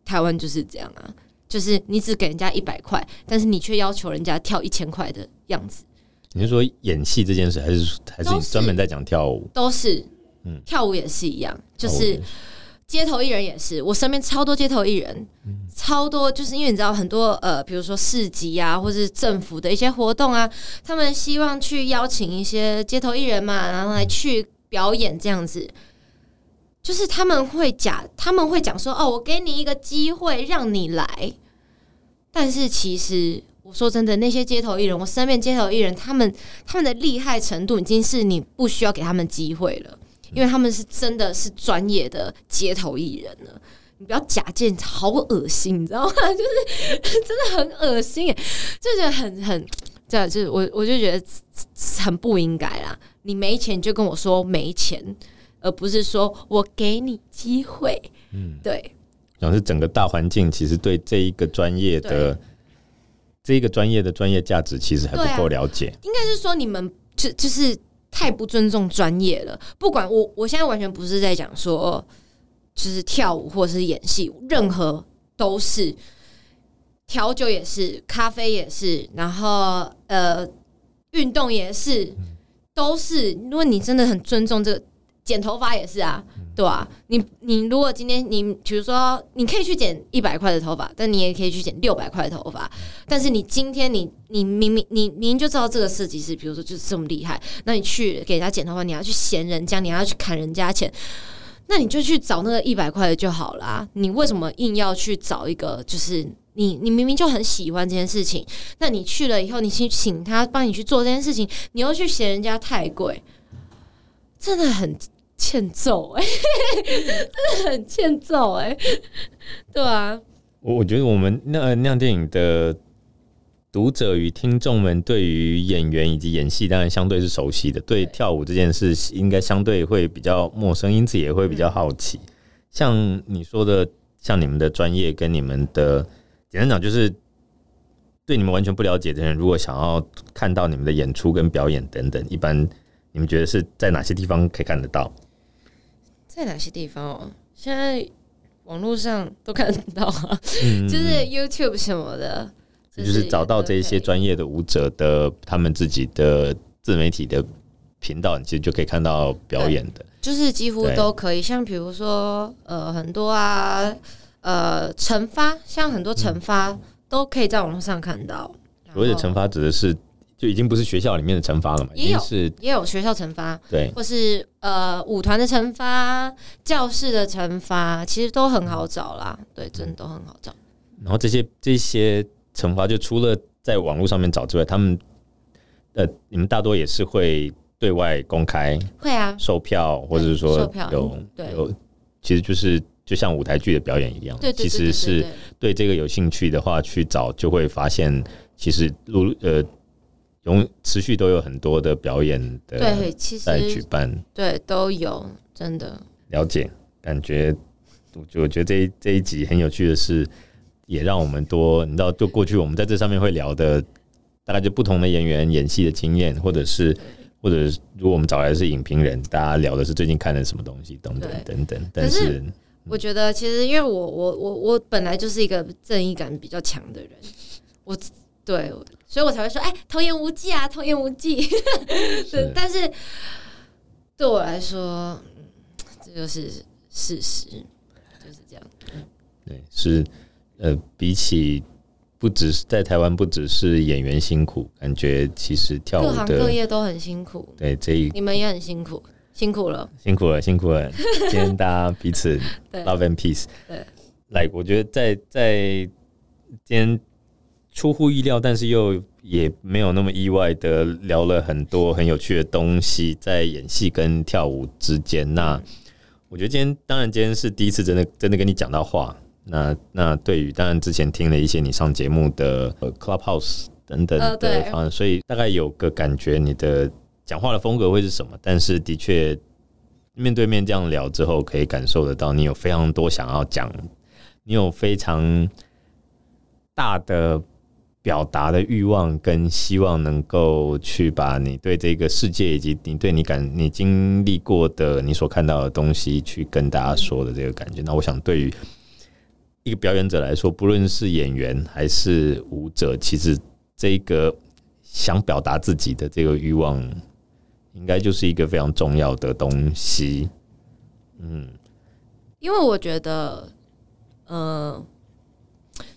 台灣就是這樣啊，就是你只給人家一百塊，但是你卻要求人家跳一千塊的樣子，你是說演戲這件事還，還是還是你專門在講跳舞？都是，嗯，跳舞也是一樣，就是。街頭藝人也是，我身邊超多街頭藝人，嗯嗯，超多，就是因為你知道很多呃，比如說市集啊，或者是政府的一些活動啊，他們希望去邀請一些街頭藝人嘛，然後來去表演這樣子。就是他們會講，他們會講說：“哦，我給你一個機會，讓你來。”但是其實我說真的，那些街頭藝人，我身邊街頭藝人，他們他們的厲害程度，已經是你不需要給他們機會了。因為他們是真的是專業的街頭藝人呢，你不要假借，好噁心，你知道嗎？就是真的很噁心就覺得很很、啊，就是很很這就是我我就覺得很不應該啦。你沒錢就跟我說沒錢，而不是說我給你機會。嗯，對。然後是整個大環境，其實對這一個專業的對 這一個專業的專業價值，其實還不夠了解、啊。應該是說你們就就是。太不尊重專業了。不管我，我現在完全不是在講說，就是跳舞或是演戲，任何都是，調酒也是，咖啡也是，然後呃，運動也是，都是。因為你真的很尊重這個，剪頭髮也是啊。對啊，你你如果今天你比如說，你可以去剪一百塊的頭髮，但你也可以去剪六百塊的頭髮。但是你今天你你明明你明明就知道這個設計師，比如說就是這麼厲害，那你去給他剪頭髮，你要去嫌人家，你要去砍人家錢，那你就去找那個一百塊的就好啦。你為什麼硬要去找一個？就是你你明明就很喜歡這件事情，那你去了以後，你去請他幫你去做這件事情，你又去嫌人家太貴，真的很。欠揍哎、欸，真的很欠揍哎、欸，對啊，我我覺得我們釀電影的讀者與聽眾們對於演員以及演戲當然相對是熟悉的，對跳舞這件事應該相對會比較陌生，因此也會比較好奇。嗯、像你說的，像你們的專業跟你們的，簡單講就是對你們完全不了解的人，如果想要看到你們的演出跟表演等等，一般你們覺得是在哪些地方可以看得到？在哪些地方哦、啊？現在網絡上都看得到，嗯、 就是 YouTube 什麼的，就是找到這些專業的舞者的他們自己的自媒體的頻道，你其實就可以看到表演的，就是幾乎都可以。對像比如說，呃，很多啊，呃，成發，像很多成發、嗯、都可以在網絡上看到。所謂的成發指的是？就已經不是學校裡面的懲罰了嘛？也有是也有學校懲罰，對，或是呃舞團的懲罰、教室的懲罰，其實都很好找啦。嗯、對，真的都很好找。然後這些這些懲罰，就除了在網絡上面找之外，他們呃你們大多也是會對外公開售票，會啊，售票或者是說售票有對有，有對，其實就是就像舞台劇的表演一樣，對，對，對，對，對，對，其實是對這個有興趣的話去找，就會發現其實如呃。永持續都有很多的表演的在舉辦，對，都有真的了解。感覺我我覺得這這一集很有趣的是，也讓我們多你知道，就過去我們在這上面會聊的，大概就不同的演員演戲的經驗，或者是或者如果我們找來的是影評人，大家聊的是最近看的什麼東西等等等等。但是我覺得其實因為我我我我本來就是一個正義感比較強的人，我對我。所以我才會說，哎、欸，童言無忌啊，童言無忌。 對是，但是對我來說、嗯，這就是事實，就是這樣。對，是，呃，比起不只是在台灣，不只是演員辛苦，感覺其實跳舞各行各業都很辛苦。對，這一你們也很辛苦，辛苦了，辛苦了，辛苦了。今天大家彼此 對，love and peace。對，來，like, 我覺得在在今天，出乎意料，但是又也沒有那麼意外的聊了很多很有趣的東西，在演戲跟跳舞之間。那我覺得今天，當然今天是第一次真的真的跟你講到話。那那對於當然之前聽了一些你上節目的呃 Clubhouse 等等的方案，oh, 對所以大概有個感覺，你的講話的風格會是什麼？但是的確面對面這樣聊之後，可以感受得到你有非常多想要講，你有非常大的。表達的欲望跟希望能夠去把你對這個世界以及你對你感你經歷過的你所看到的東西去跟大家說的這個感覺，嗯、那我想對於一個表演者來說，不論是演員還是舞者，其實這個想表達自己的這個欲望，應該就是一個非常重要的東西。嗯，因為我覺得，嗯、呃。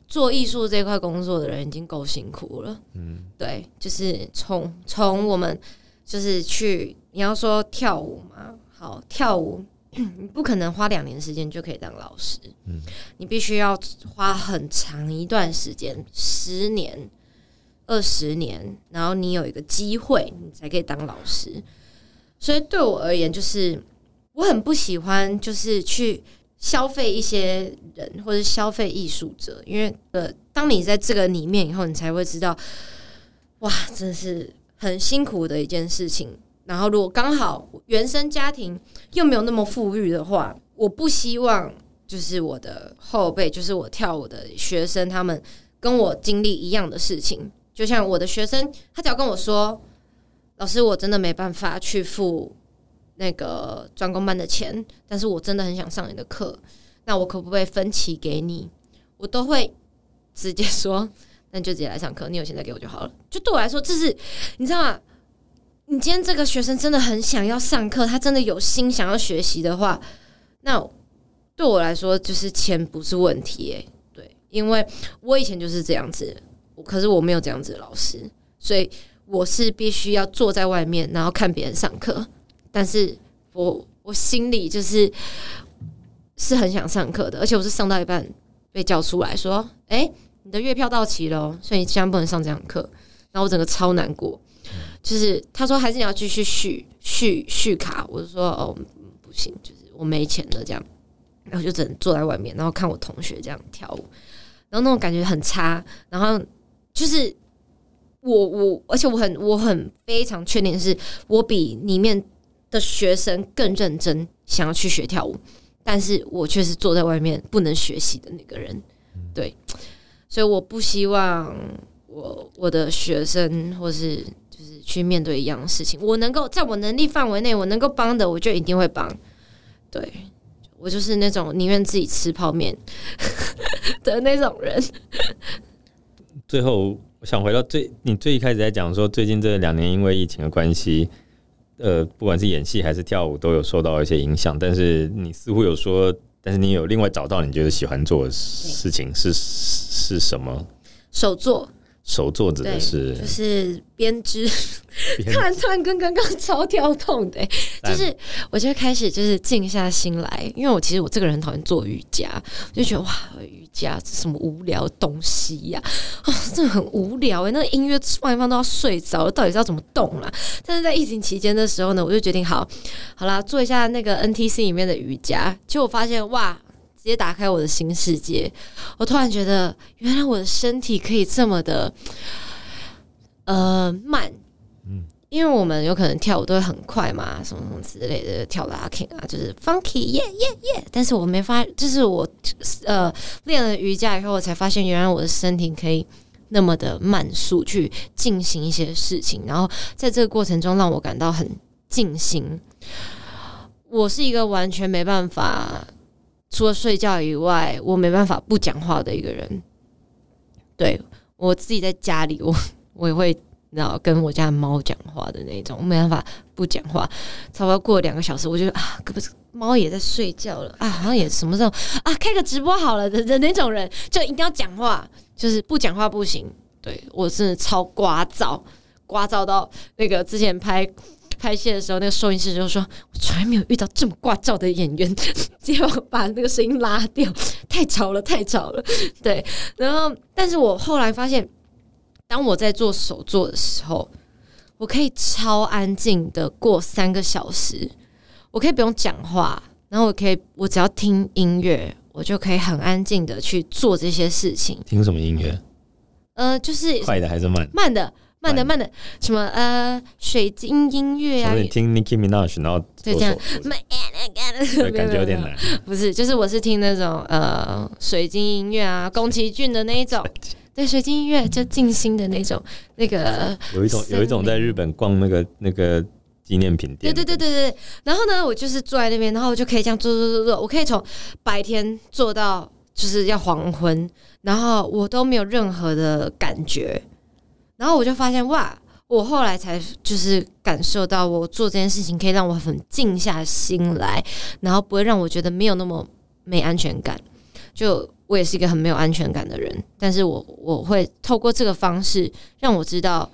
做藝術這塊工作的人已經夠辛苦了，嗯，對，就是從從我們就是去，你要說跳舞嘛，好，跳舞你不可能花兩年時間就可以當老師，嗯，你必須要花很長一段時間，十年、二十年，然後你有一個機會，你才可以當老師。所以對我而言，就是我很不喜歡，就是去。消費一些人或是消費藝術者，因為呃，當你在這個裡面以後，你才會知道，哇，真是很辛苦的一件事情。然後，如果剛好原生家庭又沒有那麼富裕的話，我不希望就是我的後輩，就是我跳舞的學生，他們跟我經歷一樣的事情。就像我的學生，他只要跟我說：“老師，我真的沒辦法去付。”那個專攻班的錢，但是我真的很想上你的課，那我可不可以分期給你？我都會直接說，那你就直接來上課，你有錢再給我就好了。就對我來說，這是你知道嗎？你今天這個學生真的很想要上課，他真的有心想要學習的話，那對我來說就是錢不是問題，欸，對，因為我以前就是這樣子，可是我沒有這樣子的老師，所以我是必須要坐在外面，然後看別人上課。但是我我心裡就是是很想上課的，而且我是上到一半被叫出來說：“欸，你的月票到期了，所以你千萬不能上這堂課。”然後我整個超難過，就是他說：“還是你要繼續續續續卡。”我就說：“哦，不行，就是我沒錢了。”這樣，然後就只能坐在外面，然後看我同學這樣跳舞，然後那種感覺很差。然後就是我我，而且我很我很非常確定的是，我比裡面。的學生更認真，想要去學跳舞，但是我卻是坐在外面不能學習的那個人。對，所以我不希望我我的學生或是就是去面對一樣的事情。我能夠在我能力範圍內，我能夠幫的，我就一定會幫。對，我就是那種寧願自己吃泡麵的那種人。最後，想回到最你最一開始在講說，最近這兩年因為疫情的關係。呃，不管是演戲還是跳舞，都有受到一些影響。但是你似乎有說，但是你有另外找到你覺得喜歡做的事情是，是什麼？手作。手做指的是，就是編織。看看織 跟剛剛超跳痛的，嗯、就是我就開始就是靜下心來，因為我其實我這個人很討厭做瑜伽，就覺得哇瑜伽這是什麼無聊東西呀、啊，哦，真很無聊哎，那個、音樂放放都要睡着，到底是要怎麼動了？但是在疫情期間的時候呢，我就決定好好啦做一下那個 NTC 裡面的瑜伽，結果我發現哇。直接打開我的新世界，我突然覺得，原來我的身體可以這麼的，呃，慢。嗯，因為我們有可能跳舞都會很快嘛，什麼，什麼之類的，跳 locking 啊，就是 funky，耶耶耶！但是我沒發，就是我呃練了瑜伽以後，我才發現，原來我的身體可以那麼的慢速去進行一些事情，然後在這個過程中讓我感到很靜心。我是一個完全沒辦法。除了睡覺以外，我沒辦法不講話的一個人。對，我自己在家裡，我我也會然後跟我家貓講話的那種，我沒辦法不講話。差不多過了兩個小時我就，我覺得啊，可不是貓也在睡覺了啊？好像也什麼時候啊？開個直播好了的那種人，就一定要講話，就是不講話不行。對，我是超聒噪，聒噪到那個之前拍。拍戲的時候，那個收音師就說：“我從來沒有遇到這麼聒噪的演員。”結果把那個聲音拉掉，太吵了，太吵了。對，然後，但是我後來發現，當我在做手作的時候，我可以超安靜的過三個小時，我可以不用講話，然後我可以，我只要聽音樂，我就可以很安靜的去做這些事情。聽什麼音樂？呃，就是快的還是慢的？慢的。慢的慢的，什麼呃，水晶音樂啊？你聽 Nicki Minaj，然後就這樣，對，感覺有點難。 不是，就是我是聽那種呃，水晶音樂啊，宮崎駿的那一種。 對，水晶音樂就靜心的那種，那個有一種有一種在日本逛那個那個紀念品店。對對對對對。然後呢，我就是坐在那邊，然後我就可以這樣坐坐坐坐，我可以從白天坐到就是要黃昏，然後我都沒有任何的感覺。然後我就發現，哇！我後來才就是感受到，我做這件事情可以讓我很靜下心來，然後不會讓我覺得沒有那麼沒安全感。就我也是一個很沒有安全感的人，但是我我會透過這個方式讓我知道，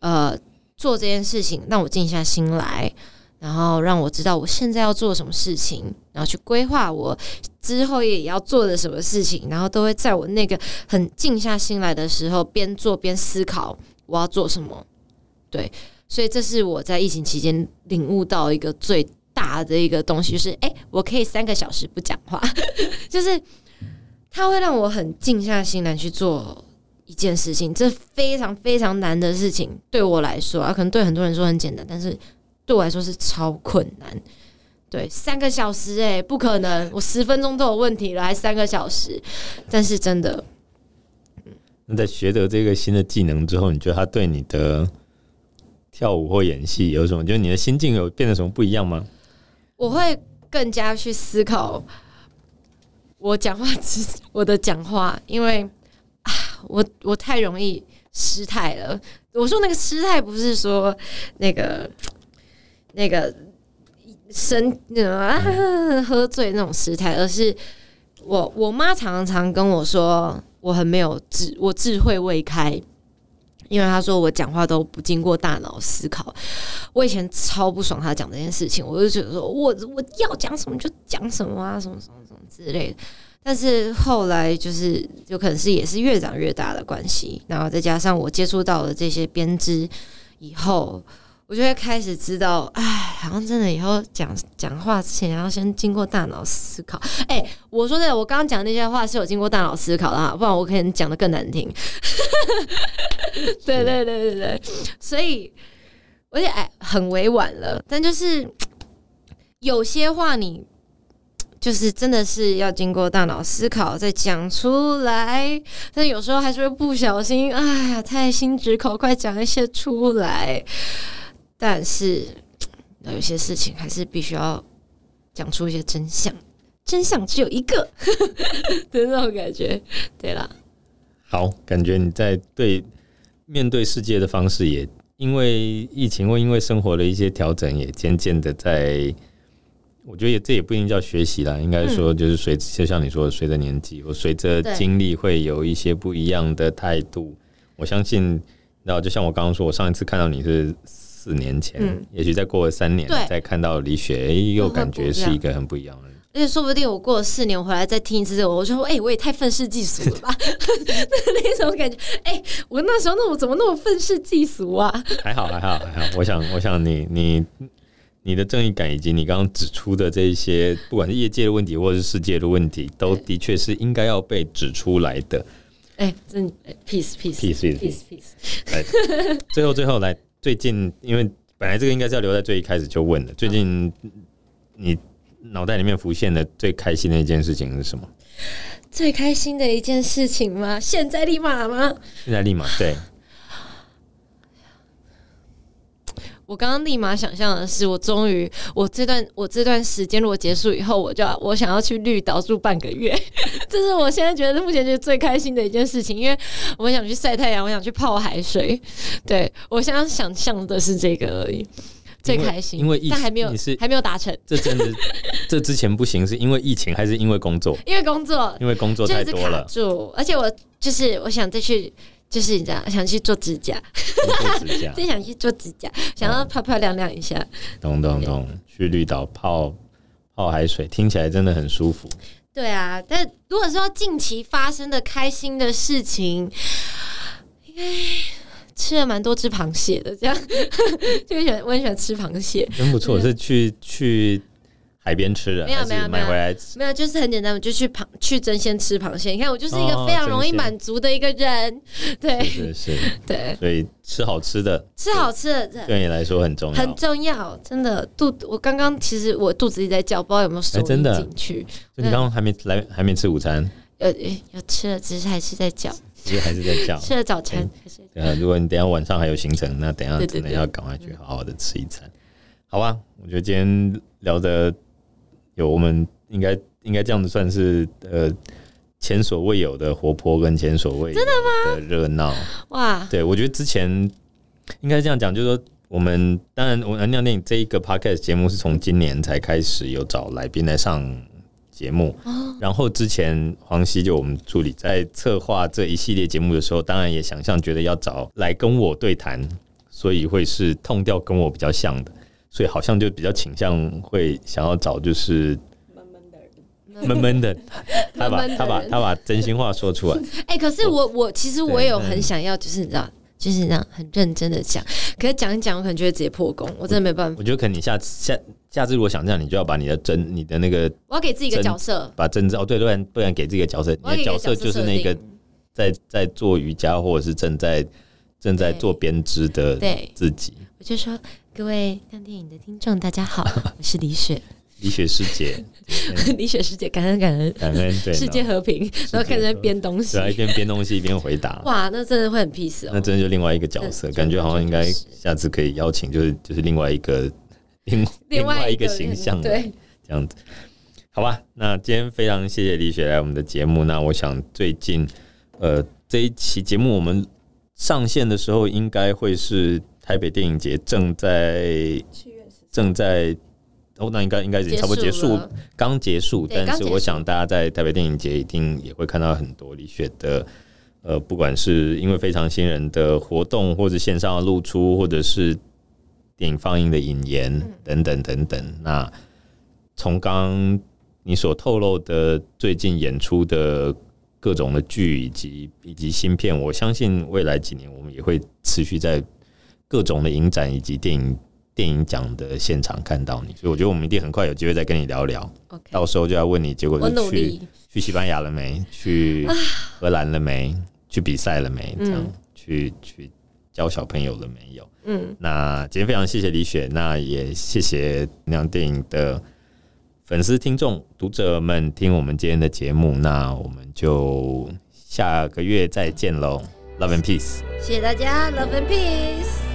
呃，做這件事情讓我靜下心來。然後讓我知道我現在要做什麼事情，然後去規劃我之後也要做的什麼事情，然後都會在我那個很靜下心來的時候，邊做邊思考我要做什麼。對，所以這是我在疫情期間領悟到一個最大的一個東西，就是誒，我可以三個小時不講話， 就是它會讓我很靜下心來去做一件事情，這非常非常難的事情對我來說啊，可能對很多人說很簡單，但是。對我來說是超困難，對，三個小時哎、欸，不可能，我十分鐘都有問題了，來三個小時，但是真的。那在學得這個新的技能之後，你覺得他對你的跳舞或演戲有什麼？就你的心境有變得什麼不一樣嗎？我會更加去思考我講話，我的講話，因為啊，我我太容易失態了。我說那個失態不是說那個。那個生，啊，喝醉那種時態，而是我我媽常常跟我說，我很沒有智，我智慧未開。因為她說我講話都不經過大腦思考。我以前超不爽她講這件事情，我就覺得說我我要講什麼就講什麼啊，什麼什麼什麼之類的。但是後來就是有可能是也是越長越大的關係，然後再加上我接觸到了這些編織以後。我就會開始知道，哎，好像真的以後講講話之前要先經過大腦思考。哎、欸，我說的，我剛剛講那些話是有經過大腦思考的，啊，不然我可能講得更難聽。對是 對對對對，所以而且哎，很委婉了。但就是有些話你，你就是真的是要經過大腦思考再講出來。但有時候還是會不小心，哎，呀，太心直口快，講一些出來。但是，有些事情還是必須要講出一些真相。真相只有一個，那 種感覺。對啦，好，感覺你在對面對世界的方式也因為疫情，或因為生活的一些調整，也漸漸的在。我覺得也這也不一定叫學習啦，應該說就是隨，嗯、就像你說，隨着年紀我隨着經歷，會有一些不一樣的態度。我相信，然後就像我剛剛說，我上一次看到你是。四年前，嗯、也許再過了三年，對再看到李雪，哎，又感覺是一個很不一樣的人。因為說不定我過了四年我回來再聽一次我，我就說，哎、欸，我也太憤世嫉俗了吧？那 那種感覺，哎、欸，我那時候那我怎麼那麼憤世嫉俗啊？還好，還好，還好。我想，我想你，你，你的正義感以及你剛剛指出的這一些，不管是業界的問題或者是世界的問題，都的確是應該要被指出來的。哎、欸，真 peace，peace，peace，peace，peace。最後，最後來。最近，因為本來這個應該是要留在最一開始就問的。最近，你腦袋裡面浮現的最開心的一件事情是什麼？最開心的一件事情嗎？現在立馬嗎？現在立馬，對。我剛剛立馬想象的是，我終於，我這段我這段時間如果結束以後，我就我想要去綠島住半個月，這是我現在覺得目前覺得最開心的一件事情，因為我想去曬太陽，我想去泡海水。對我現在想剛想象的是這個而已，為最開心。因為疫情還沒有，你是還沒有達成這陣子？ 這之前不行，是因為疫情還是因為工作？因為工作，因為工作太多了。就住，而且我就是我想再去。就是這樣，想去做指甲，最 想去做指甲，嗯、想要漂漂亮亮一下。咚咚咚，對去綠島泡泡海水，聽起來真的很舒服。對啊，但如果說近期發生的開心的事情，應該吃了蠻多只螃蟹的，這樣。 就很喜歡，我很喜歡吃螃蟹，真不錯。啊、是去去。海邊吃的，沒有沒有買回來吃？沒有就是很簡單，我就去螃去蒸鮮吃螃蟹。你看我就是一個非常容易滿足的一個人，對，是是，對，所以吃好吃的，吃好吃的對你來說很重要，很重要，真的。肚我剛剛其實我肚子一直在叫，不知道有沒有收進去。就你剛剛還沒來，還沒吃午餐？有有吃了，只是還是在叫，其實還是在叫。吃了早餐，對。如果你等下晚上還有行程，那等下可能要趕快去好好的吃一餐，好吧？我覺得今天聊的。就我們應該應該這樣子算是呃前所未有的活潑跟前所未有的熱鬧，真的嗎？哇！對，我覺得之前應該這樣講，就是說我們當然我們能量電影這一個 podcast 節目是從今年才開始有找來賓來上節目，哦、然後之前黃西就我們助理在策劃這一系列節目的時候，當然也想象覺得要找來跟我對談，所以會是痛調跟我比較像的。所以好像就比較傾向會想要找就是悶悶的，悶悶的， 慢慢的他，他把，他把，他把真心話說出來。哎、欸，可是我，哦、我其實我也有很想要，就是你知道，就是這樣，很認真的講。可是講一講，我可能就會直接破功，我真的沒辦法我。我覺得可能你下次，下下次如果想這樣，你就要把你的真，你的那個，我要給自己一個角色，把真真哦，對，對，對，不然不然給自己一個角色，你的角色就是那個在設定在，在做瑜伽，或者是正在正在做編織的自己對對。我就說。各位看電影的聽眾，大家好，我是李雪，李雪師姐，李雪師姐，雪姐，感恩感恩感恩，對世界和平，界然後看在編東西，對、啊。一邊編東西一邊回答，哇，那真的會很 peace 哦，那真的就另外一個角色，對感覺好像應該下次可以邀請就，就是就是另外一個另另外一個形象對，這樣子，好吧，那今天非常謝謝李雪來我們的節目，那我想最近呃這一期節目我們上線的時候應該會是。台北電影節正在正在哦，那應該應該已經差不多結束，剛結束。但是我想，大家在台北電影節一定也會看到很多李雪的，呃，不管是因為非常新人的活動，或者是線上的露出，或者是電影放映的引言等等等等。那從剛你所透露的最近演出的各種的劇，以及以及新片，我相信未來幾年我們也會持續在。各種的影展以及電影電影獎的現場看到你，所以我覺得我們一定很快有機會再跟你聊聊。Okay. 到時候就要問你，結果是去我去去西班牙了沒？去 荷蘭了沒？去比賽了沒？嗯、這樣去去教小朋友了沒有？嗯，那今天非常謝謝李雪，那也謝謝《釀電影》的粉絲、聽眾、讀者們聽我們今天的節目。那我們就下個月再見嘍，Love and Peace！謝謝大家，Love and Peace！